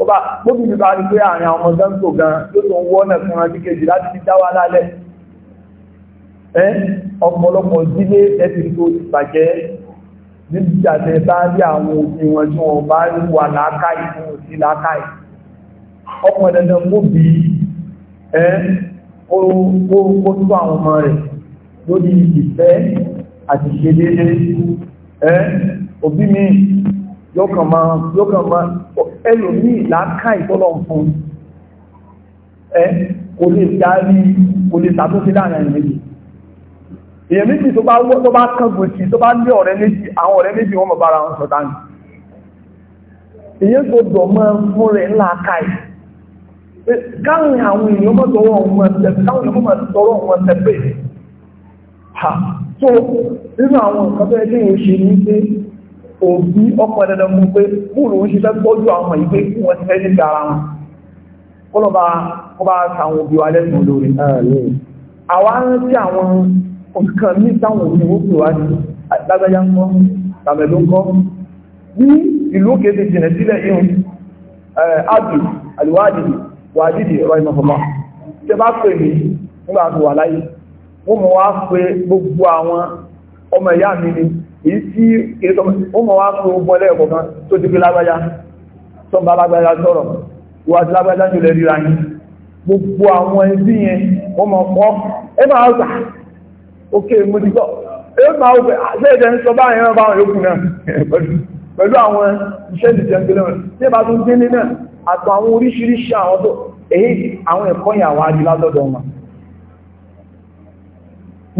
ó bá gbóbi mi bá rí pé àárín àwọn ọmọ dáńtò gan yóò tó ń wọ́ ọ̀nà fún ọdún kejì láti fi dá wa lálẹ́ ẹ ọ̀pọ̀lọpọ̀ sílé ẹ̀sìn tó ti bàjẹ́ nígbàtẹ̀ bá rí àwọn òbí wọn tí wọn bá wà láákàyè fún òsì láákàyè ọkùnrin dandan kó ẹ́ ó tó àwọn ọmọ rẹ̀ lórí ìfẹ́ àti ṣe déédéé ẹ́ òbí mi yọkàn máa yọkàn máa ẹlòmíì làákà ìtọ́lọ̀ fún ẹ kò lè darí kò lè ṣàtúnṣe láàrin méjì èèyàn méjì tó bá wọ́ tó bá kángun sí tó bá lé ọ̀rẹ́ méjì àwọn ọ̀rẹ́ méjì wọ́n mọ̀ bára wọn sọ̀tánì èèyàn gbọdọ̀ máa fún rẹ̀ ńlá káyìí káwọn àwọn èèyàn mọ́ tọwọ́ ọmọ ẹ̀tẹ̀ káwọn èèyàn mọ́ tọwọ́ ọmọ ẹ̀tẹ̀ ha tó nínú àwọn nǹkan tó ẹgbẹ́ yìí ṣe ní pé òbí ọkọ̀ dandan mú pé bóòlù ń ṣiṣẹ́ tọ́jú àwọn ìgbé kí wọ́n ti fẹ́ nígbà ara wọn kọ́lọ́ba ọba àwọn òbí wa lẹ́sùn olórí àwa ń rántí àwọn nǹkan ní táwọn òbí wọ́pù wá ní lágbájá ńkọ́ tàbẹ̀lú ńkọ́ ní ìlú òkè ti jìnà sílẹ̀ yìí àbí àlùwádìí wàdìdì ẹ̀rọ ìmọ̀fọ̀mọ́ tẹ bá pè mí nígbà tó wà láyé wọ́n mọ̀ wá pé gbogbo àwọn ọmọ ìyá mi ni èyí tí wọ́n mọ̀ wá pé gbogbo ẹlẹ́ẹ̀kọ̀ kan tó ti pé lágbájá tó ń bá lágbájá sọ̀rọ̀ wà ti lágbájá jù lẹ́ ríra yín gbogbo àwọn ẹbí yẹn wọ́n mọ̀ pọ́ ẹ máa gbà ókè mo ti gbọ́ ẹ máa gbẹ àṣẹ́jẹ́ ń sọ báyìí náà báwọn yòókù náà [LAUGHS] pẹ̀lú àwọn iṣẹ́ ìjẹun àtàwọn oríṣiríṣi àwọn tó èyí àwọn ẹ̀kọ́ yà wá rí lálọ́dọ̀ wọn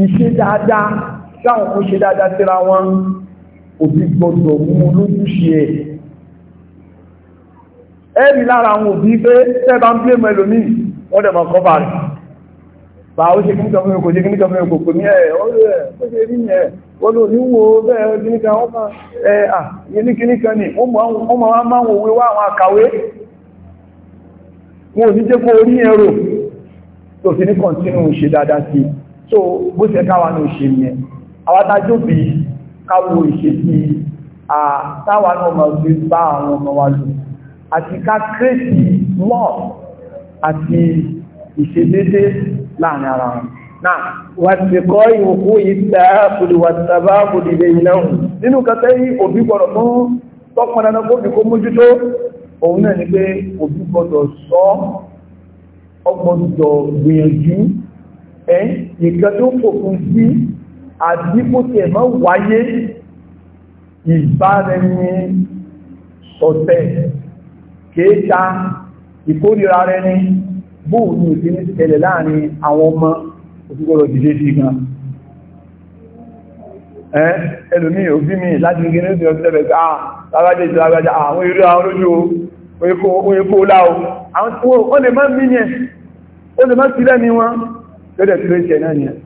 ìṣe dáadáa sáwọn kó ṣe dáadáa síra wọn òbí gbọdọ̀ mú lójúṣe ẹ̀ ẹ̀rí lára àwọn òbí pé tẹ́bà ń pè mẹ́lò ní wọ́n dẹ̀ mọ̀ kọ́bà rẹ̀ bà ó ṣe kíníkan fún ẹkò ṣe kíníkan fún ẹkò pè mí wọn ò ní jẹ́ kó orí ẹ̀rọ tó fi ní kọ̀ntínú ṣe dáadáa sí so bó ṣe káwa ní òṣè yẹn àwátájò bí káwo ìṣe sí àtàwà náà mọ̀ sí bá àwọn ọmọ wa lò àti ká kírèsì mọ́ àti ìṣedédé láàrin ara wọn náà wà ti kọ́ ìwòkú ìta àpòlì wà tàbá àpòlì ilẹ̀ ìlẹ́hùn nínú kẹtẹ́ òbí gbọ́dọ̀ fún tọ́pọ̀ dandan kó fi kó òun náà ni pé òbí gbọdọ̀ sọ ọgbọdọ̀ gbìyànjú ẹ nǹkan tó fòpin sí àti kó tiẹ̀ máa wáyé ìbáraẹni sọ̀tẹ̀ kéèta ìkórìíra rẹ ní bóò ní òfin tẹ́lẹ̀ láàrin àwọn ọmọ òfúgbọ́rọ̀ jìdé sí gan ẹ́ ẹlòmí òbí mi láti gẹ́gẹ́ ní òfin ọ̀sẹ̀lẹ̀ àwọn irú àwọn olójú òyìnbó láò àwọn tí wọ́n lè má mí ní ẹ̀ ó lè má sí lẹ́ni wọn lẹ́dẹ̀ tí lè ṣẹ̀ náà ni ẹ̀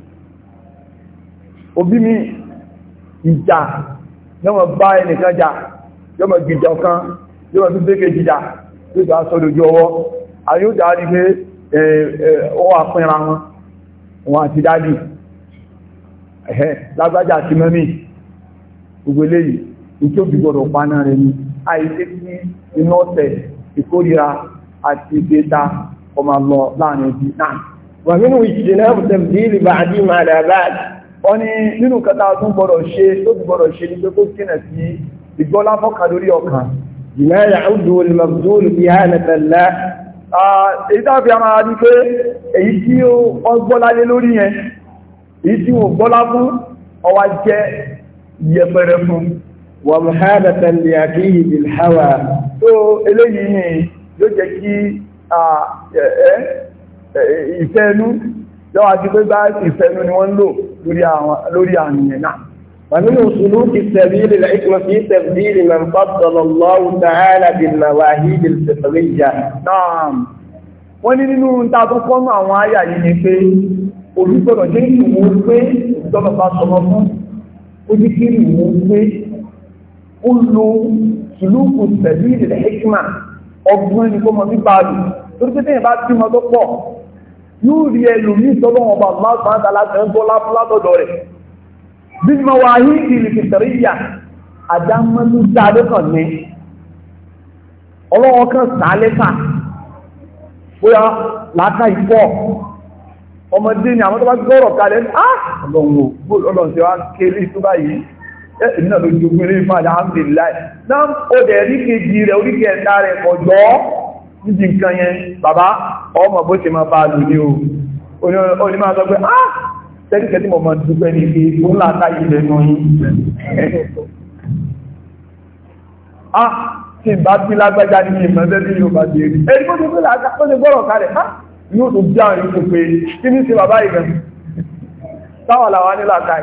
òbí mi ìjà lọ́wọ́ bá ẹnìkan jà yọ́mọ̀ gìjà ọ̀kan yọ́mọ̀ tó békè jìjà yóò dá sọ lójú ọwọ́ àyíò dáadì pé ó wà pínra wọn wọn àti dáadì ẹ̀hẹ́ lágbájá àti mẹ́mí gbogbo eléyìí ìtóbi gbọdọ̀ pa náà rẹ̀ ni àìsẹ́ inú ọ̀tẹ̀ ìkórira àti ìgbéta ọmọ lọ láàrin ibi náà. wà nínú ìṣẹ̀lẹ̀ tẹ̀bílì bá àdí máa dà báyìí wọ́n ní nínú kẹta tún gbọ́dọ̀ ṣe tó ti gbọ́dọ̀ ṣe ní pé kó kínà sí ìgbọ́lá fọ́kà lórí ọkàn jìnnà yàúdù olùmọ̀gbọ́n bí i hànàtàlá èyí tàbí a máa rí tó eléyìí yóò jẹ́ kí ìfẹ́nú lọ́wọ́ àti pé bá ìfẹ́nú ni wọ́n lò lórí àmìyàn náà ومن سلوك السبيل الحكمة في تبديل من فضل الله تعالى àwọn ayà olùgbọ́dọ̀ jẹ́ ìwò pé ìjọba bá sọmọ fún ó ní kí ìwò pé ó lo sùlùkù pẹ̀lú ìdílé hikma ọgbọ́n ní kó mọ bí báàlù torí pé téèyàn bá tí mọ tó pọ̀ yóò rí ẹlòmíì sọ́dọ̀ wọn bá máa sàn án láti ń bọ́ látọ̀dọ̀ rẹ̀ bí mo wà ní ìlú kìtàrí ìyà àdámọ́lú dáadé kan ní ọlọ́wọ́ kan sàálẹ́sà bóyá látà ìfọ́ ọmọdé ni àwọn tó bá gbọ́rọ̀ kalẹ̀ ní ah, àà ọlọ́run ò èmi náà ló ju pínlẹ̀ ìfàdà alhamdulillah náà ó dẹ̀ rí kejì rẹ̀ oríkẹ̀ ẹ̀ta rẹ̀ kọjọ́ níbi nǹkan yẹn bàbá ọmọ bó ṣe máa bá lù ní o oní máa sọ pé ah tẹ́kẹ̀kẹ́ tí mo mọ̀ dúpẹ́ ní pé ó ń láta ilẹ̀ nù yí ah tí bá bí lágbájá ní ìmọ̀ ẹgbẹ́ bí yóò bá di èrè ẹni bó ṣe pé láta ó ṣe gbọ́rọ̀ kalẹ̀ ah yóò tó bí àwọn yóò pé kí ní ṣe bàbá ìgbẹ̀ [LAUGHS] táwọn làwọn nílà káì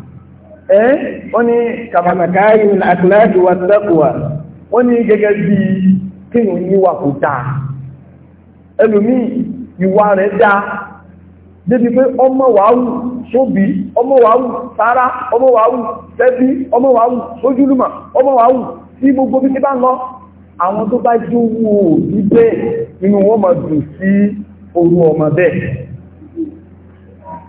ẹ́ eh? wọ́n ní kàbàmàkáyì àkìláàkì wa tẹ́kùwà wọ́n ní gẹ́gẹ́ bí kíyàn níwà kò dáa ẹlòmí ìwà rẹ̀ dáa débi pé ọmọ wàáwù sóbì ọmọ wàáwù sára ọmọ wàáwù sẹ́bí ọmọ wàáwù sójúlùmọ̀ ọmọ wàáwù tí gbogbo bí bá lọ àwọn tó bá jówó wọn mọ̀ dùn sí orú ọmọ bẹ́ẹ̀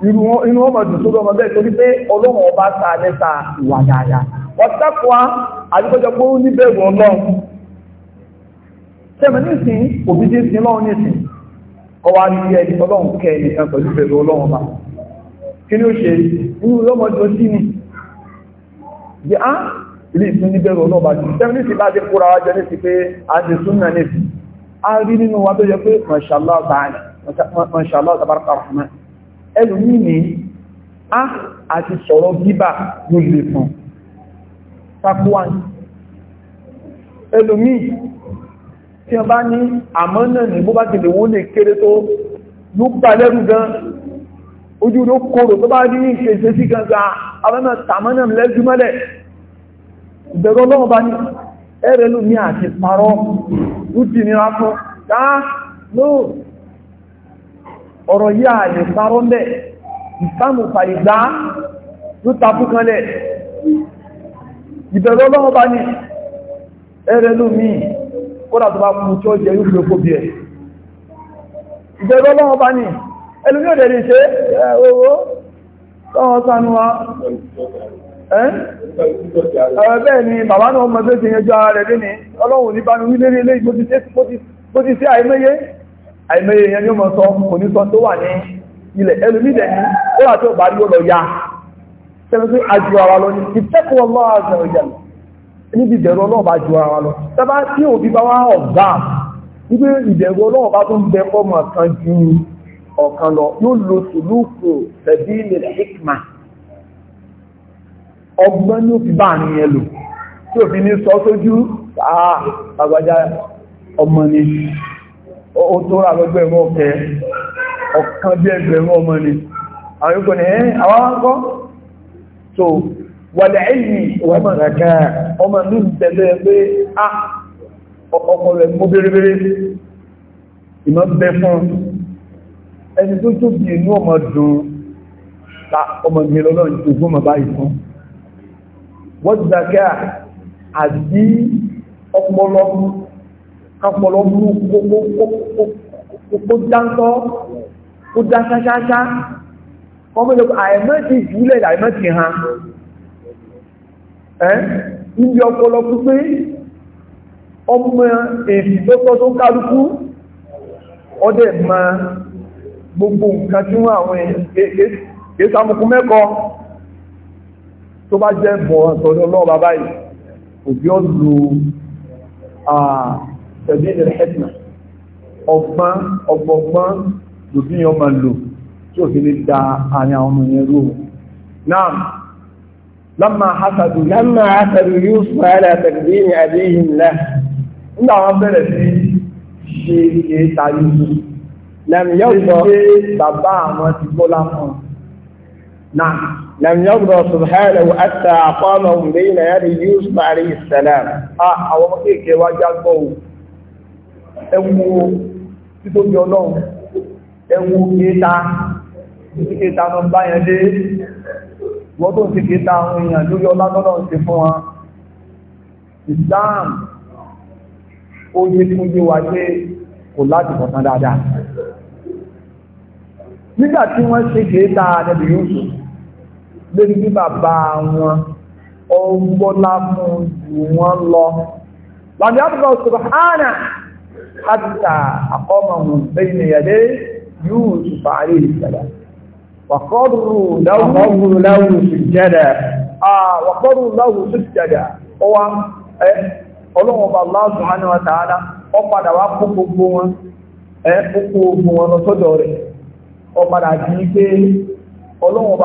inú ọmọ ìdùn tó lọ́mọ bẹ́ẹ̀ torí pé ọlọ́run ọba ta lẹ́ta ìwà dáadáa ọ̀tàkùá àdúgbọ́jọ pé ó níbẹ̀rù ọlọ́run tẹ́mẹ̀ nísìn òbí dé sí lọ́run nísìn ọwá ní ilé ẹni ọlọ́run kẹ́ nìkan pẹ̀lú bẹ̀rù ọlọ́run ọba kí ni ó ṣe inú ọmọ ìdùn sí ni bí á ilé ìsún níbẹ̀rù ọlọ́run ọba jù tẹ́mẹ̀ nísìn bá ti kóra wájọ nísìn pé a ti sún náà nísìn a rí nínú wa tó yẹ pé mọ̀ṣálá ẹlùmí ní á àti sọ̀rọ̀ bíbà ló lè fún tapuwan ẹlùmí tí wọ́n bá ní àmọ́ náà ní bó bá ti lè wó lè kéré tó ló gbà lẹ́rù gan ojú ló kòrò tó bá rí ní ìṣẹ́ṣẹ́ sí gangan abẹ́mọ̀ tàmánà ní àti parọ́ ló dì nira fún dáa lóò ọ̀rọ̀ yí à lè sáró ń bẹ̀ ìsáàmù fàìgbá ló tapú kanlẹ̀ ìbẹ̀rẹ̀ ọlọ́run bá ní ẹrẹ lómi kódà tó bá mú tí ó jẹ yóò lókó bí ẹ̀ ìbẹ̀rẹ̀ ọlọ́run bá ní ẹlùmí ò dẹ̀rẹ̀ ṣe owó tọ́wọ́ sánúwá
ẹ̀ẹ́
bẹ́ẹ̀ ni bàbá náà mọ́ àìmọye yẹn ni ó mọ sọ kò ní sọ tó wà ní ilẹ̀ ẹlòmídẹ̀ ní ó wà tó bá rí ó lọ ya sẹ́ni pé àjù ara lọ ní ìtẹ́kùn ọlọ́wọ́ àgbà ọjà lọ níbi ìdẹ̀rù ọlọ́wọ́ bá ju ara lọ sábà tí òbí bá wá ọ̀gá wípé ìdẹ̀rù ọlọ́wọ́ bá tó ń bẹ fọ́mọ kan ju ọ̀kan lọ yóò lo sùlùkù tẹ̀bí ilẹ̀ hikma ọgbọ́n ní tí òfin ní sọ sójú àà àgbàjá ọmọ ni ó tó rà lọ́gbẹ̀rún ọ̀kẹ́ ọ̀kan bí ẹgbẹ̀rún ọmọ ni àwọn ikọ̀ ni ẹ́ àwọn akọ́ so wàlẹ̀ ẹ̀yìn wà mọ̀ràká ọmọ ní ìtẹ̀lẹ̀ pé a ah, ọkọ̀ rẹ̀ mú bèrèbèrè ìmọ̀ bẹ fún ẹni tó tó bí inú ọmọ dùn ta ọmọ ìgbẹ̀lọ́lọ́ ìtòkú mọ̀ báyìí fún wọ́n ti dàkẹ́ àti ọpọlọ kápọ̀lọ́ mú kó dáńtọ́ kó dá ṣáṣáṣá kọ́mọ́lẹ́ àìmọ́ ti jùlẹ̀ àìmọ́ ti hàn ẹ́ níbi ọpọlọ pípé ọmọ èsì tó tọ́ tó kálukú ọdẹ ma gbogbo nǹkan tí wọ́n àwọn èsì amukú mẹ́kọ́ tó bá jẹ́ bọ̀ ọ̀sọ̀dọ̀ lọ́wọ́ bàbá yìí òbí ọ̀lù àà تدين الحكمة أضمان أضمان دبين يوم اللو شوف للدعاء عن يوم يروه نعم لما حسدوا لما حسدوا يوسف على تقديم أبيهم له إن عبر في شيء لم يرضى بابا ما تقوله نعم لم يرضى سبحانه أتى أقامهم بين يدي يوسف عليه السلام أه أو أخيك ẹwu títóbi ọlọ́run ẹwu kéta títí kéta lọ bá yẹn dé wọ́n tó ń ti kéta àwọn èèyàn lórí ọlá tọ́lọ́ ń ṣe fún wa Islam ó yé fún yé wa pé kò láti kọ̀ọ̀kan dáadáa nígbà tí wọ́n ṣe kéta àdẹ́bì yóò sùn lórí bí bàbá wọn ọgbọ́lá fún jù wọ́n lọ làbí àbúrò subhana حتى أقامه بين يديه يوسف عليه السلام
وقروا له وقروا له سجدا
آه له سجدا هو ọlọ́wọ́ bá Allah subhanahu wa ta'ala ọ padà wá kó ọ padà di pé ọlọ́wọ́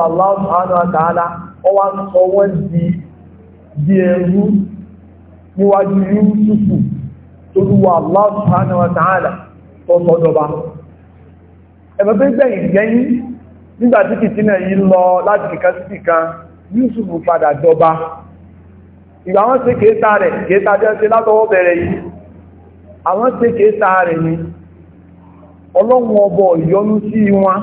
ọ olúwa Allah subhanahu wa ta'ala tọ́sọ́dọ̀ba ẹ̀mọ́ pé gbẹ̀yìn gẹ́yìn nígbà tí kìtínà yìí lọ láti kìkan sí kìkan Yúsùfù padà dọba ìgbà wọ́n ṣe kéta rẹ̀ kéta jẹ́ ṣe látọwọ́ bẹ̀rẹ̀ yìí àwọn ṣe kéta rẹ̀ ni ọlọ́run ọbọ̀ ìyọnú sí wọn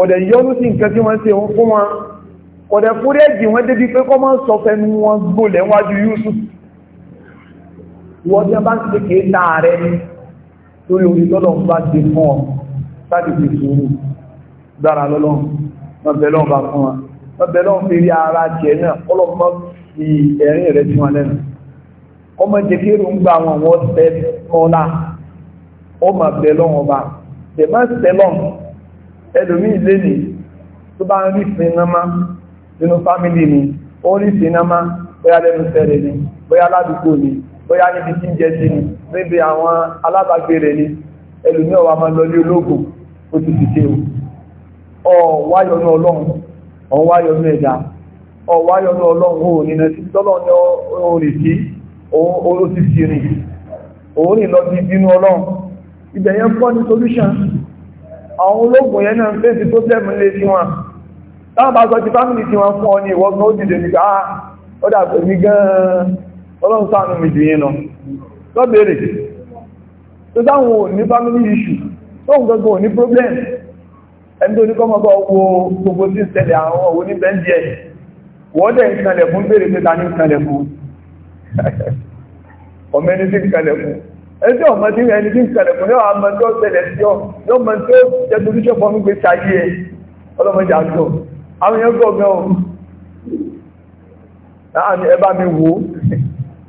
ọ̀dẹ̀ ìyọnú sí nǹkan tí wọ́n ṣe fún wọn ọ̀dẹ̀ fúrẹ́jì wọ́n débi pé kọ́ mọ́ wọ́n bí wọ́n bá ń ṣe kéé ta rẹ̀ torí orí tọ́lọ̀ bá ṣe fún ọ láti fi sùúrù dára lọ́lọ́ ọbẹ̀lọ́ bá fún wa ọbẹ̀lọ́ fi rí ara jẹ náà ọlọ́pọ̀ fi ẹ̀rín rẹ̀ tí wọn lẹ́nu ọmọ jẹkẹ́rù ń gba àwọn ọmọ tẹ mọ́lá ọmọ bẹ̀lọ́ wọn bá tẹ̀mọ́ ẹlòmíì lẹ́nìí tó bá ń rí sinamá nínú fámìlì ni ó rí sinamá bóyá lẹ́nu tẹ̀lé ni bóyá ládùúgbò ni bóyá níbi tí ń jẹ sí ni níbi àwọn alábàgbé ni ẹlòmí ọ̀wà máa lọ ní ológun ó ti ti ṣe o ọ̀wáyọnú ọlọ́run ọ̀wáyọnú ẹ̀dá ọ̀wáyọnú ọlọ́run ò nínú sí tọ́lọ́run ní orin sí ó ti ṣe rìn òun ní lọ sí inú ọlọ́run ibẹ̀ pọ́ ní solution àwọn ológun yẹn náà ń fèsì tó tẹ́mù lé sí wọn táwọn bá sọ ti fámìlì tí wọn fún ọ ní ìwọ́gbọ́n ó dìde nígbà ah, ó dàgbẹ̀ mí gan-an ọlọ́run sáànù mi jù yín lọ lọ́bẹ̀rẹ̀ tó dáhùn ò ní family issue tóhùn gbogbo ní problem ẹni tó ní kọ́ mọ́bọ̀ wo gbogbo tí ṣẹlẹ̀ àwọn òun ní bẹ́ńdì ẹ̀ wọ́dẹ̀ ìkànlẹ̀ fún bèèrè pé ta ní ìkànlẹ̀ fún [LAUGHS] ọmọ ẹni tí ìkànlẹ̀ fún ẹjọ́ ọmọ tí ẹni tí ìkànlẹ̀ fún yóò àmọ́ tó ṣẹlẹ̀ sí ọ yóò mọ tó jẹ́ torí ṣọ́pọ̀ ń gbé ṣayé ẹ ọlọ́mọdé àjọ àwọn èèyàn gbọ́ gan-an ẹ bá mi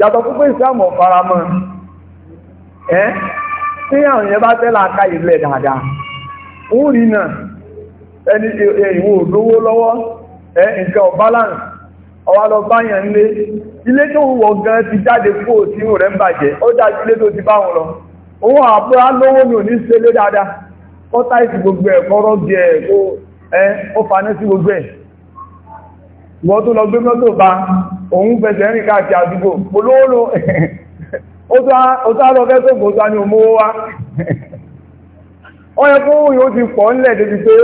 yàtọ̀ púpọ̀ ìsìlámù ọ̀faramọ́ ẹ́ tí àwọn bá tẹ́lá aka ìlẹ̀ dáadáa ń rí náà ẹni ìwò lówó lọ́wọ́ ẹ́ nǹkan ọ̀bálànsì ọwá lọ báyàn ilé tó wọ̀ gan ti jáde kó tí ó rẹ̀ ń bàjẹ́ ó dájú ti bá wọn lọ òun lówó lé dáadáa táìsì gbogbo ẹ̀ kọ́rọ́ òun fẹsẹ̀ rìn káàkiri àdúgbò polówó ó sá lọ fẹ́ sóògùn sá ní òmówó wá ó yẹ fún ti pọ̀ ńlẹ̀ débi pé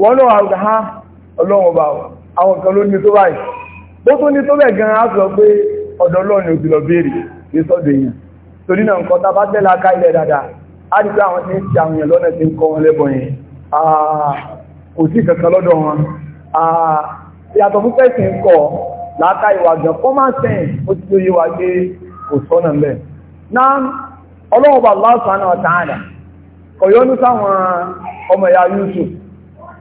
wọ́n náà àgbà ọlọ́run ọba àwọn kan ló ní tó báyìí bó tó ní tó bẹ̀ gan á sọ pé ọ̀dọ̀ ọlọ́run òbí lọ béèrè ní sọ́dọ̀ èèyàn torí náà nǹkan tá bá ilẹ̀ dáadáa á pé àwọn tí ń àwọn èèyàn lọ́nà tí ń kọ́ wọn láàká ìwà gan common sense ó ti lóye wa pé kò sọ́nà mẹ́ náà ọlọ́ọ̀bà Allah subhanahu wa ta'ala kọ̀yọ́nú sáwọn ọmọ ìyá Yusuf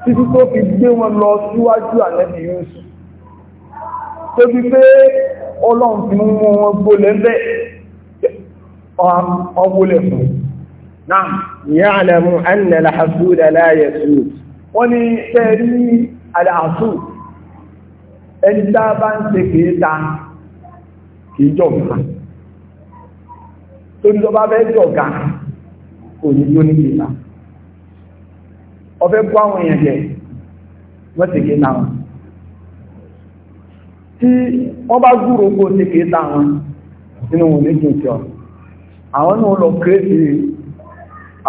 títí tó fi gbé wọn lọ síwájú ànẹ́bì Yusuf tó fi pé ọlọ́run ti mú wọn gbólẹ̀ bẹ́ ẹni tá a bá ń ta kìí jọ̀gá torí tó bá fẹ́ kò ní tó ní kìí ta kó àwọn èèyàn jẹ wọn bá gúrò kó ta wọn nínú wọn ní ọ àwọn náà lọ kérésì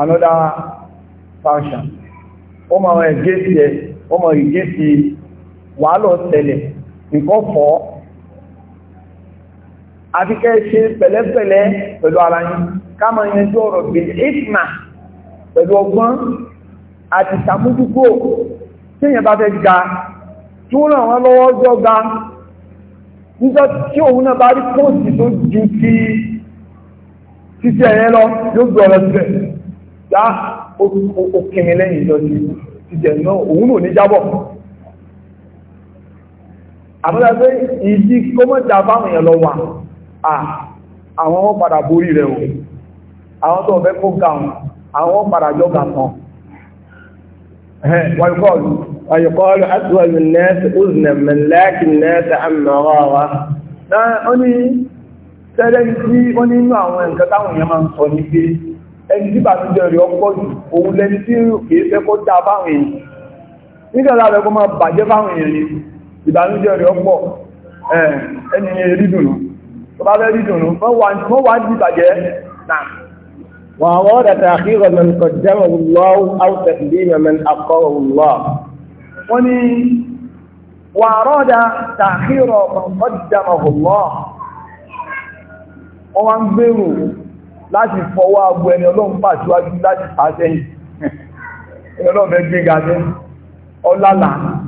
another function wọ́n máa ẹ̀gẹ́ sí ẹ máa sí nǹkan fọ́ àti kẹ́ ṣe pẹ̀lẹ́pẹ̀lẹ́ pẹ̀lú ara yín káàmà yanjú ọ̀rọ̀ bíi ìsìnà pẹ̀lú ọgbọ́n àti ìsàmójúgbò tí èyàn bá fẹ́ ga tí ó ràn wọ́n lọ́wọ́ jọ ga nígbà tí òun náà bá rí pọ́ọ̀sì tó ju ti títí ẹ̀yẹ lọ yóò gbé ọ̀rọ̀ síbẹ̀ dá òkìmí lẹ́yìn ìjọ ti títí náà òun náà ní jábọ̀ àbúrà pé ìdí kó mọ́ jà fáwọn èèyàn lọ wà àwọn wọ́n padà borí rẹ̀ o àwọn tó ọ̀fẹ́ kó gàun àwọn wọ́n padà jọ gà tán ويقال أسوأ الناس أذنا من لكن الناس عما غاوة ó ní tẹ́lẹ̀ tí ó nínú àwọn nǹkan táwọn èèyàn máa ń sọ ní pé ẹni tí bàtí jẹ́ rí ọpọ̀ jù òun lẹni tí ìbànújẹ́ rẹ̀ ọ̀pọ̀ ẹni rídùnú tó bá fẹ́ rídùnú wọ́n wá ní ìbàjẹ́ náà
wọ́n àwọn ọ̀dà ta'khir man qaddamahu Allah aw taqdim man akhkharahu Allah
wọ́n ní wọ́n àrọ́dà ta'khir man qaddamahu Allah wọ́n [LAUGHS]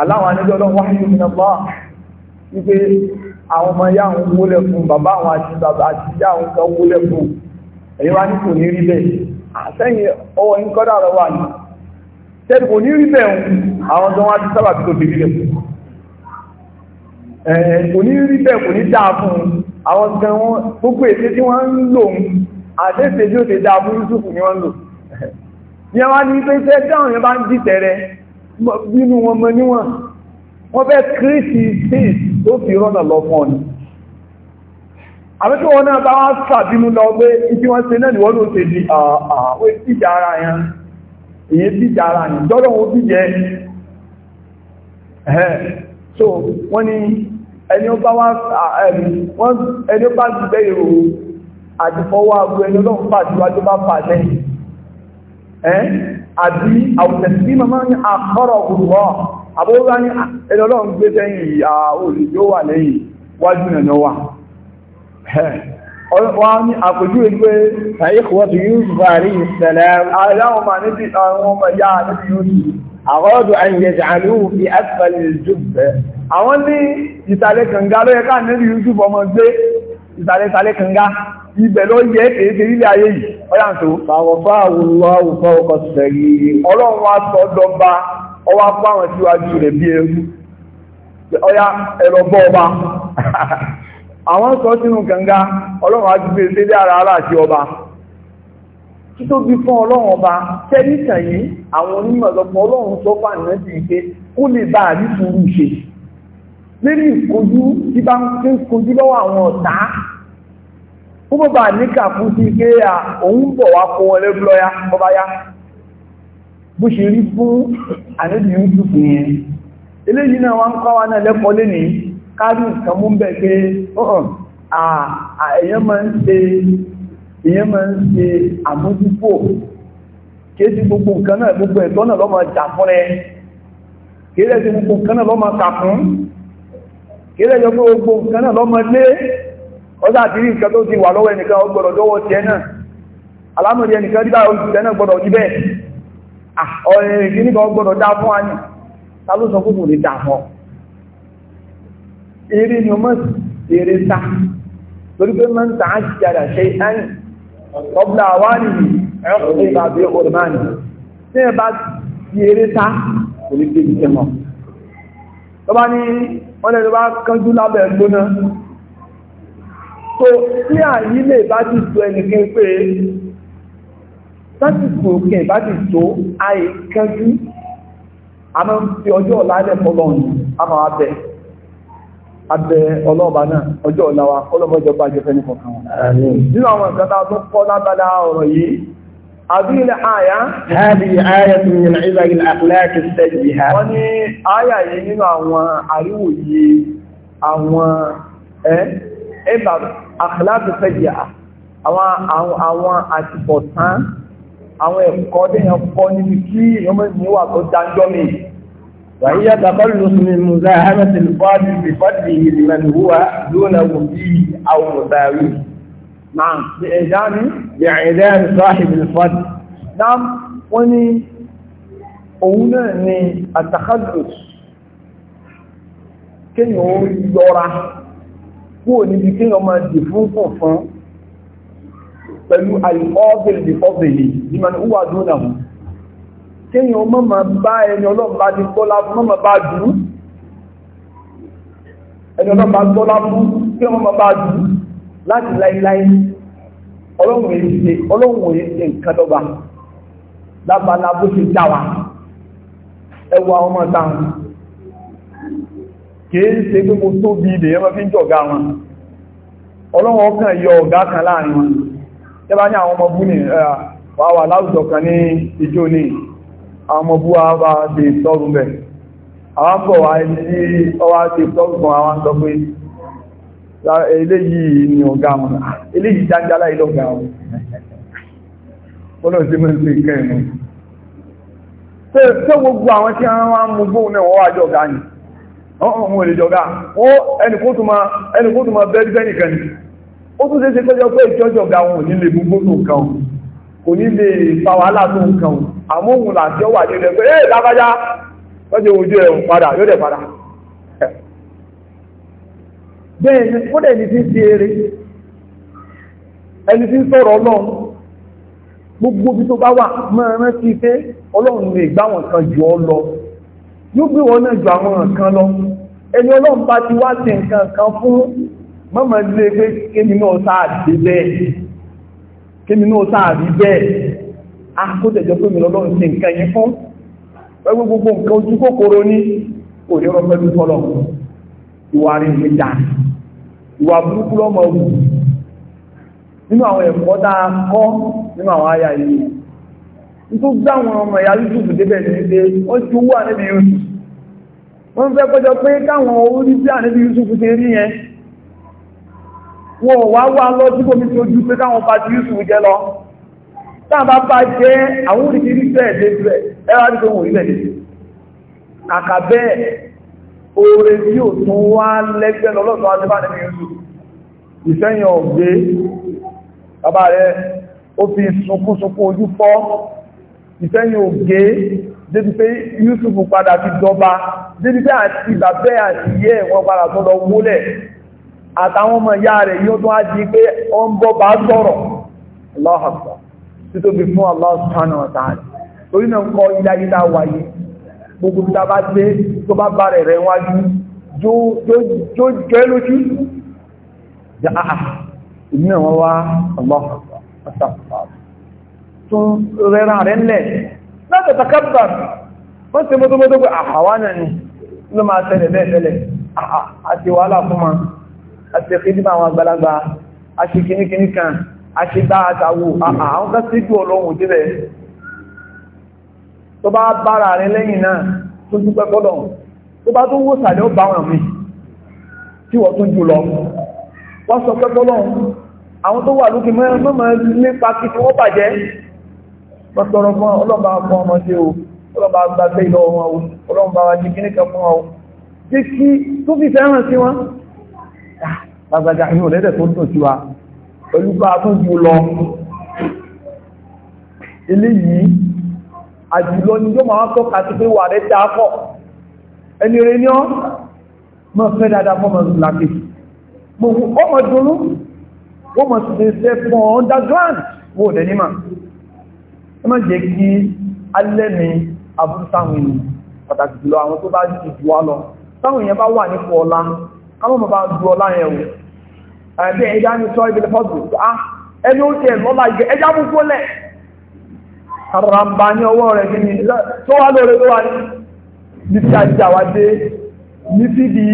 aláwọn aníjọ́ lọ́wọ́ wáyé mi náà bá wípé àwọn ọmọ yá àwọn wólẹ̀ fún bàbá àwọn àti bàbá àti yá àwọn kan wólẹ̀ fún èyí wá ní kò ní rí bẹ́ẹ̀ àtẹ́yìn ọwọ́ yín kọ́dà rẹ̀ wà ní tẹ́lẹ̀ kò ní rí bẹ́ẹ̀ àwọn tó wá ti sábà tó fi rí lẹ̀ fún kò ní rí bẹ́ẹ̀ kò ní dáa fún àwọn gan wọn gbogbo èdè tí wọ́n ń lò ń àtẹ́sẹ̀ tí ó dáa fún Yusuf ni wọ́n lò ní àwọn ní pé tẹ́ nínú wọn mọ níwọ̀n wọ́n fẹ́ kírísì space tó fi rọ́nà lọ fún ọ̀nà àbí tí wọ́n náà bá wá sàbínú lọ pé ibi wọ́n ṣe náà ni wọ́n ló ṣe di àwọn ah, ah, ìjà ara yẹn èyí bíjà ara ní jọ́lọ́ wọn bíjẹ ẹ̀ so wọ́n ni ẹni ó bá wá ẹni ó bá gbẹ́ ìrò àti fọwọ́ agbo ẹni ọlọ́run pàdé wájú bá pàdé ẹ́ àbí àwùtẹ̀sí mamá ní àkọ́rọ̀ òkúrò àbúrúwá ní ẹlọ́lọ́run gbé sẹ́yìn ìyà olùjó wà lẹ́yìn wájú nẹ̀nà wà wá ní àpòjú ìgbé ṣàíkọ̀ọ́tù yóò fàárí ìṣẹ̀lẹ̀ aláwọ̀ ma níbi àwọn ọmọ yá níbi yóò àwọ́dù àyẹ̀jẹ̀ àlúwò fi yóò ìsàlẹ̀sàlẹ̀ kànga ibẹ̀ ló yẹ kéèké ilé ayé yìí ọyá tó. Fàwọ̀fà àwòrán àwòfà ọkọ̀ sẹ̀rí. Ọlọ́run wa sọ dọba ọwá fáwọn síwájú rẹ̀ bí ewu. Ọyá ẹ̀rọ bọ́ ọba. [LAUGHS] Àwọn sọ sínú kànga ọlọ́run á gbé sílé e ara ara àti ọba. Títóbi fún ọlọ́run ọba, tẹ́lítàn yìí àwọn onímọ̀ lọ́pọ̀ ọlọ́run sọ fún àná lérí ìkojú tí bá ń kojú lọ́wọ́ àwọn ọ̀tá kó bọ́ bá níkà fún sí pé òun bọ̀ wá kó wọlé lọ́yá bọ́bá yá bó ṣe rí fún àlejò yúùtùkù yẹn eléyìí náà wa náà lẹ́kọ̀ọ́ lẹ́ni kárí nǹkan mú bẹ́ẹ̀ pé èèyàn máa ń ṣe èèyàn máa ń ṣe àmójúfò kéèsì gbogbo nǹkan náà gbogbo ẹ̀tọ́ lọ́mọ jà kéde jọ pé gbogbo nǹkan náà lọ́mọdé ọjọ́ àti rí nǹkan tó ti wà lọ́wọ́ ẹnìkan ó gbọ́dọ̀ dọ́wọ́ tiẹ̀ náà alámọ̀dé ẹnìkan dídá òṣìṣẹ́ náà gbọ́dọ̀ gbọ́dọ̀ tó bá ní ọlẹ́ tó bá kánjú lábẹ́ gbóná tó tí àyí lè bá ti tó ẹnìkan pé sásìkò òkè bá ti tó àyè kánjú a máa ń fi ọjọ́ ọ̀la lẹ́ a máa bẹ̀ abẹ ọlọ́ọ̀bá náà ọjọ́ ọ̀la wa ọlọ́mọjọba jẹ́fẹ́ ní kọ̀ọ̀kan nínú àwọn ìkàtà tó kọ́ lábàdá ọ̀rọ̀ yìí هذه الآية هذه آية من عبر الأخلاق السيئة wọ́n ní àyà yìí nínú àwọn àríwòye àwọn ẹ̀bà àkìláàtì sẹ́yà àwọn àtìpọ̀tán àwọn ẹ̀kọ́ dẹ́yàn kọ́ nínú kí ìyọ́mọ́ níwà tó dájọ́ من مزاحمة القاضي بفضله لمن هو دونه فيه أو مساويه náà bí ẹ̀dámi bí ẹ̀dámi sáàhìbì fàdì náà wọ́n ni òun náà ni àtàkàdùs kíyàn ó yọra kúrò níbi kíyàn máa dì fún fún fún pẹ̀lú àìkọ́bìnrin ìfọ́bìnrin ní ma ní ó wà dúnà mú kíyàn mọ́mà bá ẹni ọlọ́pàá ti tọ́lá bá ẹni ọlọ́pàá láti lai ọlọ́run èyí ṣe ọlọ́run èyí ṣe nǹkan dọ́gba lábala bó ṣe ẹwà ọmọ táwọn kìí ṣe pé mo tó bí ilẹ̀ ẹmọ́ fi ń jọ̀gá wọn ọlọ́run ọkàn yọ ọ̀gá kan láàrin wọn tẹ́bá ní àwọn ọmọ bú ní wà wà láwùjọ kan ní ní àwọn ọmọ bú wa bá ṣe sọ́rùn bẹ̀ àwọn bọ̀ wá ọwá eléyìí ni ọ̀gá wọn ah, eléyìí jájálá ìlọ́gá wọn ọlọ́run tí mọ́ sí ìkẹ́ ìmú tó gbogbo àwọn tí wọ́n wá mú gbóhùn náà wọ́n wá jọ̀gá ni ọ̀hún èdè jọ̀gá ẹni kó tó máa bẹ́ẹ̀ bẹ́ẹ̀ nìkan ni ó tún ṣe ṣe pẹ́jọ pé ìjọ́jọ̀gá wọn ò ní lè gbogbo tó nǹkan kò ní lè fa wàhálà tó nǹkan àmóhùn làjọ́ wà ní ẹgbẹ́ ẹ̀ lábájá lọ́jọ́ ojú ẹ̀ padà yóò dẹ̀ padà bẹ́ẹ̀ ni kódẹ̀ ní fi ṣe eré ẹni tí ń sọ̀rọ̀ ọlọ́run gbogbo bí tó bá wà mẹ́rin sí pé ọlọ́run lè gbá wọn kan jù ọ lọ yóò gbé wọn náà jù àwọn nǹkan lọ ẹni ọlọ́run bá ti wá sí nǹkan kan fún mọ́mọ́ ilé pé kémi náà sáàdì bẹ́ẹ̀ kémi náà sáàdì bẹ́ẹ̀ akódẹ̀jọ pé mi lọ́lọ́run sí nǹkan yìí fún gbogbo nǹkan ojú kòkòrò ní òní ọ̀rọ̀ pẹ̀lú tọ́lọ́run ìwà rẹ̀ ìwà burúkú lọ́mọ wù nínú àwọn ẹ̀kọ́ tá a kọ́ nínú àwọn àyà yìí nítorí gbá àwọn ọmọ ìyá Yúsúfù débẹ̀ ní pé wọ́n ti wú àníbi Yúsúfù wọ́n fẹ́ kọjọ pé káwọn orí bí àníbi rí yẹn wọn ò wá wá lọ sí lọ bá àwọn wá ní oore tí ò tún wá lẹ́gbẹ́ lọ́lọ́sọ́ adébáni ní ìlú ìfẹ́yàn ọ̀gbẹ́ bàbá rẹ̀ ó fi sunkúnsunkún ojú fọ́ ìfẹ́yìn ògé débi pé Yúsùfù padà ti dọba débi pé àti ìbàbẹ́ àti yẹ́ wọn padà tó lọ wólẹ̀ àtàwọn ọmọ ìyá rẹ̀ yóò tó á pé ọ ń bọ́ bá sọ̀rọ̀ lọ́hàpọ̀ títóbi fún Allah subhanahu wa ta'ala torí náà ń kọ́ ilé ayé tá wáyé gbogbo bí tàbá gbé tó bá bá rẹ̀ rẹ̀ wájú jó jẹ́ lójú jáà ìmú ẹ̀wọ́n wá ọlọ́pàá àti ìkìdìmọ̀ àwọn àgbàlagbà àti kìníkìní kan àti bá àtàwò àwọn kan sí jù ọlọ́run jẹ́ bẹ̀rẹ̀ tó bá bára rẹ lẹ́yìn náà tó dúpẹ́ fọ́dọ̀ tó bá tó wó sàlẹ̀ ó bá wọn mi tí wọ́n tún jù lọ wọ́n sọ pẹ́ fọ́dọ̀ àwọn tó wà lókè mọ́mọ́ nípa kí tí wọ́n bàjẹ́ wọ́n sọ̀rọ̀ fún ọlọ́ba o ọlọ́ba gbàgbé ìlọ o ọlọ́ba wa jí kíníkà fún ọ jẹ́ kí tó fi fẹ́ràn sí wọn ah, lágbàjá inú lẹ́dẹ̀ tó dùn sí wa pẹ̀lú bá a tún jù lọ eléyìí àjùlọ ni yóò máa tọ́ kàtí pé wà rẹ̀ dáàpọ̀ ẹni rẹ̀ ní ọ́ mọ́ fẹ́ dáadáa fọ́mọ̀ láti ọmọ dúró wọ́n mọ̀ sí ṣe fún underground wò dẹ̀ níma ẹ má jẹ́ kí alẹ́mi abúrúsáwọn ènìyàn pàtàkì jùlọ àwọn tó bá jù jù wá lọ táwọn èèyàn bá wà àràmbà ní ọwọ́ rẹ̀ gíní tó wá lóore tó wá ní ti àjíjàwádé ní fìdí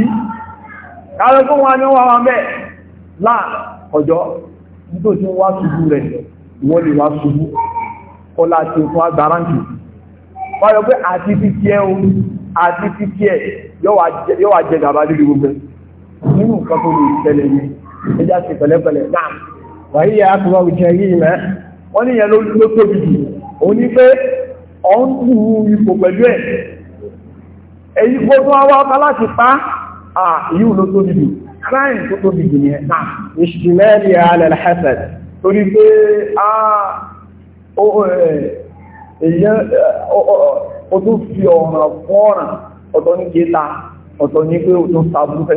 kárẹ́kún wá ní wọ́n wá mẹ́ láà ọjọ́ nítòsí wá ṣubú rẹ̀ wọ́n lè wá ṣubú kọlá ti fún agbáráǹkì wáyọ̀ pé àti ti tiẹ̀ o àti ti tiẹ̀ yọ́wà jẹ gàbá lílu gbogbo nínú nǹkan tó lè tẹ́lẹ̀ ní ẹjá sí pẹ̀lẹ́pẹ̀lẹ́ náà wáyé akọwà òjẹ́ yìí òun ní pé ọ̀n kú ipò pẹ̀lú ẹ̀ èyí kó tún wá wá láti pa à yíò ló tóbi jù crime tó tóbi jù ní ẹ̀ náà ìṣìlẹ́rì alẹ́lẹ́hẹ́sẹ̀ torí pé a ó tún fi ọ̀ràn fọ́ràn ọ̀tọ̀ ní kéta ọ̀tọ̀ ní pé ó tún sábú fẹ́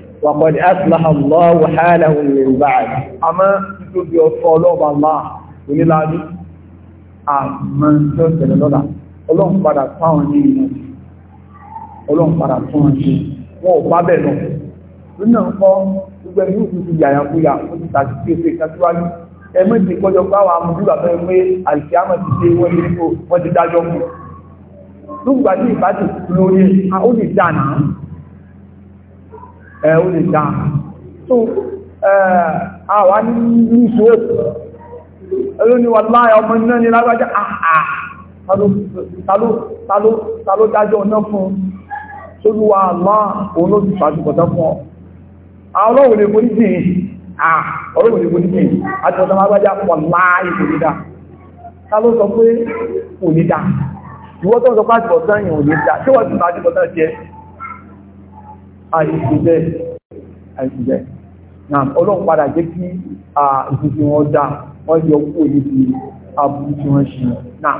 وقد أصلح الله حالهم من بعد أما يجب يصلوا الله ونلعب àmọ́ tó tẹ̀lẹ̀ lọ́la ọlọ́run padà táwọn ní ìlú ọlọ́run padà tún wọn ṣe wọn ò bá bẹ̀ lọ lónà ń gbogbo ẹni yóò fi yàyàkúyà fún ti tàbí tí o ṣe ìtàsíwájú ẹ kọjọ pé àwọn amúdúgbà fẹ́ pé àìsí àmọ̀ ti ṣe wọ́n ní kó wọ́n ti dájọ́ kù lùgbà tí ìbá a ó lè dà ẹ̀ ó lè dáa tó àwà ní ìṣò olóníwà láyà ọmọ iná ní lágbàjá àà tàló dájọ́ ọ̀nà fún sólúwà aláà òun ló ti fàájúkọ̀tọ́ fún ọ àwọn òun lè kò ní sí ọ̀rọ̀ òun lè kò ní sí àti ọ̀tọ́ lágbàjá pọ̀ láì kò ní dá tàló sọ pé àìsí bẹ́ẹ̀ àìsí bẹ́ẹ̀ náà ọlọ́run padà jẹ́ kí ìfúnfún wọn dá wọ́n yọ kúrò níbi aburú tí wọ́n ṣe náà.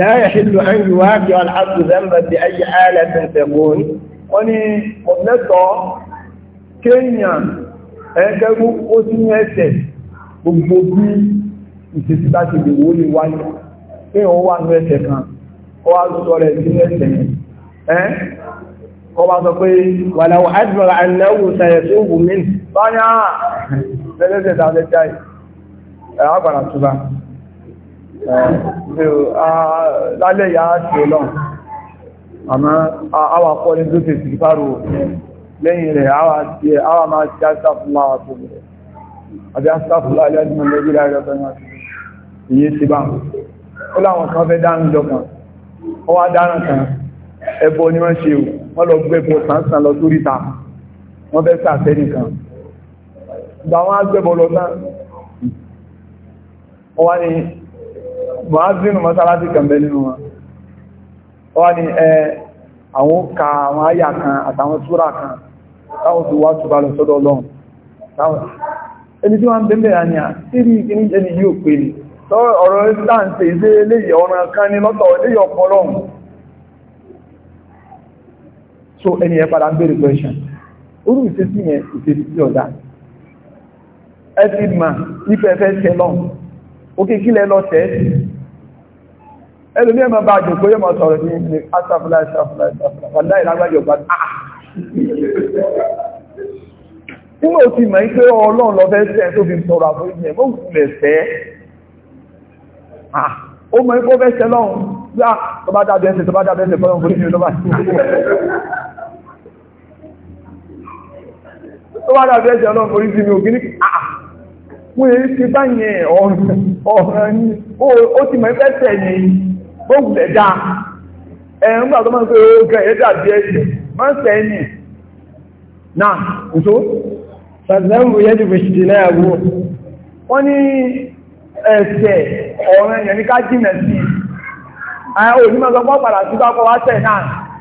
لا يحل أن يواجه العبد ذنبا بأي آلة تكون wọ́n ní ọ̀lẹ́tọ̀ kéèyàn ẹgbẹ́gbẹ́ ó sí ní ẹsẹ̀ gbogbo bí ìsìsì bá ti lè kọ́ bá sọ pé wàláwọ̀ àdìmọ̀ra àìnáwò sẹ̀yẹ̀ tí ó wù mí báyá lẹ́lẹ́sẹ̀ tàbí jáì ẹ̀há padà túbá lálẹ́ ìyá tí ó lọ àmọ́ àwà kọ́ ní tó tèsì fáró lẹ́yìn rẹ̀ àwà máa láwọn kan fẹ́ dáná jọ kan ó wá dáná kan ẹbọ ni wọ́n ṣe wọ́n lọ gbẹ́bọ sánsan lọ sórí ta wọ́n fẹ́ nìkan gbà wọ́n á lọ wọ́n wá ní mọ́sálásí nínú wọn wọ́n ní ẹ àwọn ka àwọn àyà kan àtàwọn súra kan táwọn wá túbà lọ sọ́dọ̀ ọ̀rọ̀ eléyìí kan ní lọ́tọ̀ so ẹni yẹn padà ń béèrè question orú ìfẹ́sí yẹn ìfẹ́sí sí ọ̀dá ẹ ti mà ife ẹfẹ́ tẹ lọ òkè kílẹ̀ lọ tẹ́ ẹlòmí ẹ̀ máa bá àjò pé yóò máa sọ̀rọ̀ ní ní asàfúlà asàfúlà asàfúlà wà láì lágbàjọ pa áà nínú òtí mà ń ọlọ́run lọ fẹ́ sẹ́ tó fi sọ̀rọ̀ àforíjì ẹ̀ mọ́ ìpìlẹ̀ fẹ́ ó mọ̀ ń kó fẹ́ sẹ́ lọ́run gbá tọ́bá dábẹ́sẹ̀ tọ́bá dábẹ́sẹ̀ fọ́lọ́run forí
tó wá dàbí ẹ̀ṣẹ̀ ọlọ́run orí
sí mi ò gíní àà wọ́n èyí ti ah, bá yẹn ọ̀ràn ó ti mọ̀ ẹgbẹ́ tẹ̀ ní gbóògùnlẹ̀ dáa ẹ̀rùn gbà tó máa ń pé ogun dàbí máa ń sẹ́ náà
lẹ́ẹ̀wò
wọ́n ní yẹn ní ká jìnà sí àwọn òní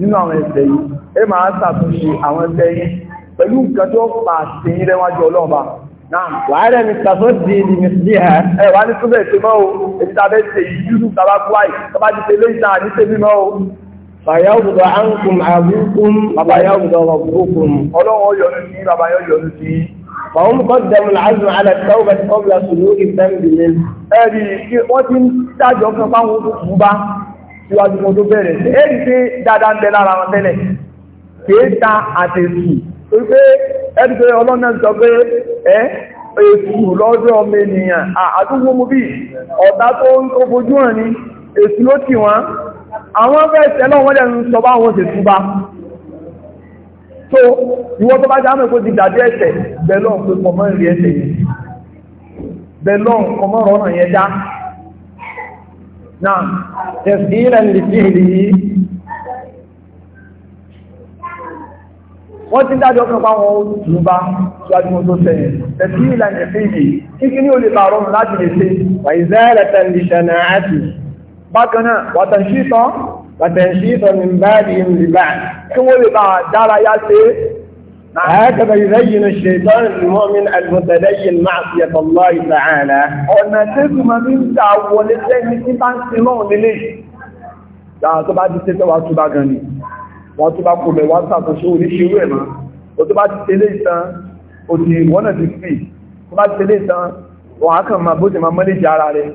nínú àwọn ẹ̀ṣẹ̀ yìí ẹ máa ṣàtúnṣe àwọn ẹ̀ṣẹ̀ yìí pẹ̀lú nǹkan tó pa àṣeyín rẹwájú ọlọ́ọ̀bà wàárẹ̀ mi tàbí di ìdí mi sí ẹ̀. ẹ wà ní túbẹ̀ ṣe mọ́ o èyí tàbí ṣe yíyú tàbá kúáì tàbá ti ṣe léyìí náà ní ṣébí mọ́ o. bàyá òbúdó àǹkùn àbúkùn bàbáyá òbúdó ọ̀bùkùn. ọlọ́run ọyọ ní sí bàbáyá ọyọ ní sí. fàwọn kọ́ dẹ̀mù làásùn alẹ́ tẹ́wọ́ síwájú mo tó bẹ̀rẹ̀ sí èyí tí dáadáa ń bẹ lára wọn tẹ́lẹ̀ kìí ta àtẹ̀sù tó pé ẹni pé ọlọ́nà sọ pé ẹ́ èsù lọ́dọ̀ ọmọ ènìyàn àdúgbò mú bí ọ̀tá tó ń tó fojú hàn ní èsù ló tì wọ́n àwọn fẹ́ tẹ́lọ̀ wọ́n dẹ̀ ń sọ bá wọn ṣètú bá so ìwọ tó bá jámẹ́ kó ti dàbí ẹ̀ṣẹ̀ bẹ́lọ̀ pé kọmọ́ ìrìn ẹ̀ṣẹ̀ yẹn bẹ́lọ̀ kọmọ́ نعم تسهيلا لفعله wọ́n ti ń dájọ́ pípa wọn ó tún bá ṣáájú tó sẹ́yìn tẹ̀sí ìlànà ìfèèdè kíkí ní olè bàrọ̀ láti lè ṣe wàìzẹ́rẹ̀ tẹ̀lìṣẹ̀nà àti bákanáà wàtẹ̀ṣítọ́ wàtẹ̀ṣítọ́ ní هكذا يزين الشيطان للمؤمن المتدين معصية الله تعالى ọ̀nà tẹ́sù ma fi ń dà wọlé lẹ́ni tí bá ń sin náà nílé dáa tó bá ti tẹ́tẹ́ wá túbá gan ni wọ́n túbá kò bẹ̀ wá sàkóso oríṣirú ẹ̀mọ́ o tó bá ti tẹ́lé ìtàn o ti wọ́nà ti fi tó bá ti tẹ́lé ìtàn wọ́n á kàn máa bó ti máa mọ́lẹ̀ jẹ́ ara rẹ̀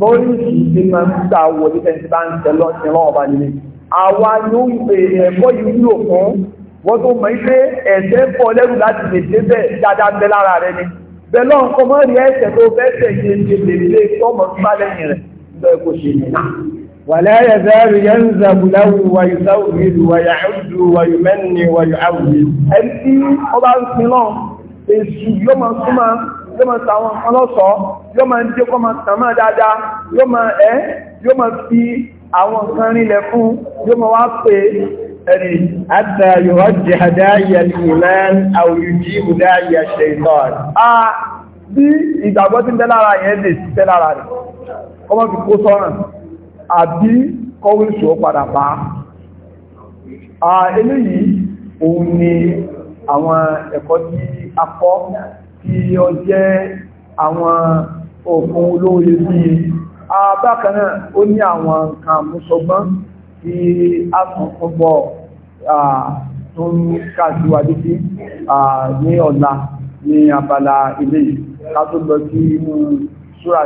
bọ́ọ̀lù yìí ti máa ń dà wọlé lẹ́ni tí bá ń sin náà ọba nílé àwa ni ó ń pè ẹ̀kọ́ yìí lò fún wọ́n tó mọ̀ pé ẹ̀ṣẹ̀ ń pọ̀ lẹ́rù láti lè dé bẹ́ẹ̀ dáadáa bẹ́ lára rẹ ni bẹ́ẹ̀ lọ́n kọ́ mọ́ rí ẹ̀ṣẹ̀ tó bẹ́ẹ̀ṣẹ̀ ṣe ṣe lè lé tọ́mọ̀ tó bá lẹ́yìn rẹ̀ lọ́ọ́ kò ṣe nìyà. ولا يزال ينزب له ń sin náà èṣù yóò máa súnmọ́ yóò Àtà yóò jẹ́ àdáyà ìmán àwòyùjí ìdáyà ṣẹ̀tọ́n. A bí ìgbàgbọ́ tí ń bẹ lára yẹn lè sí bẹ lára rẹ̀, ọmọ fi kó sọ́ràn, àbí kọwé ṣò padà bá. A eléyìí, òun ni àwọn ẹ̀kọ́ tí a kọ́ tí ó jẹ́ àwọn òkun olóore bí i. Àbákanáà, ó ní àwọn nǹkan àmúṣọgbọ́n tí a tún tó ń kàṣíwájú sí ní ọ̀la ní abala ilé látó lọ sí inú ṣúra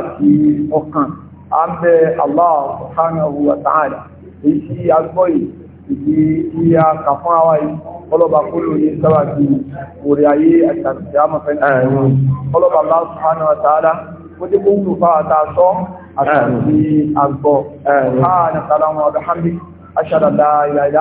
ọkàn a ń bẹ Allah subhanahu wa ta'ala èyí tí a gbọ́ fún kúrò ní sábà orí ayé àtàkì àmọ́fẹ́ ọlọ́ba àti àgbọ̀. Ààrẹ sàlámù ọ̀dọ̀ hàmì, aṣàdàdà ìlàdà.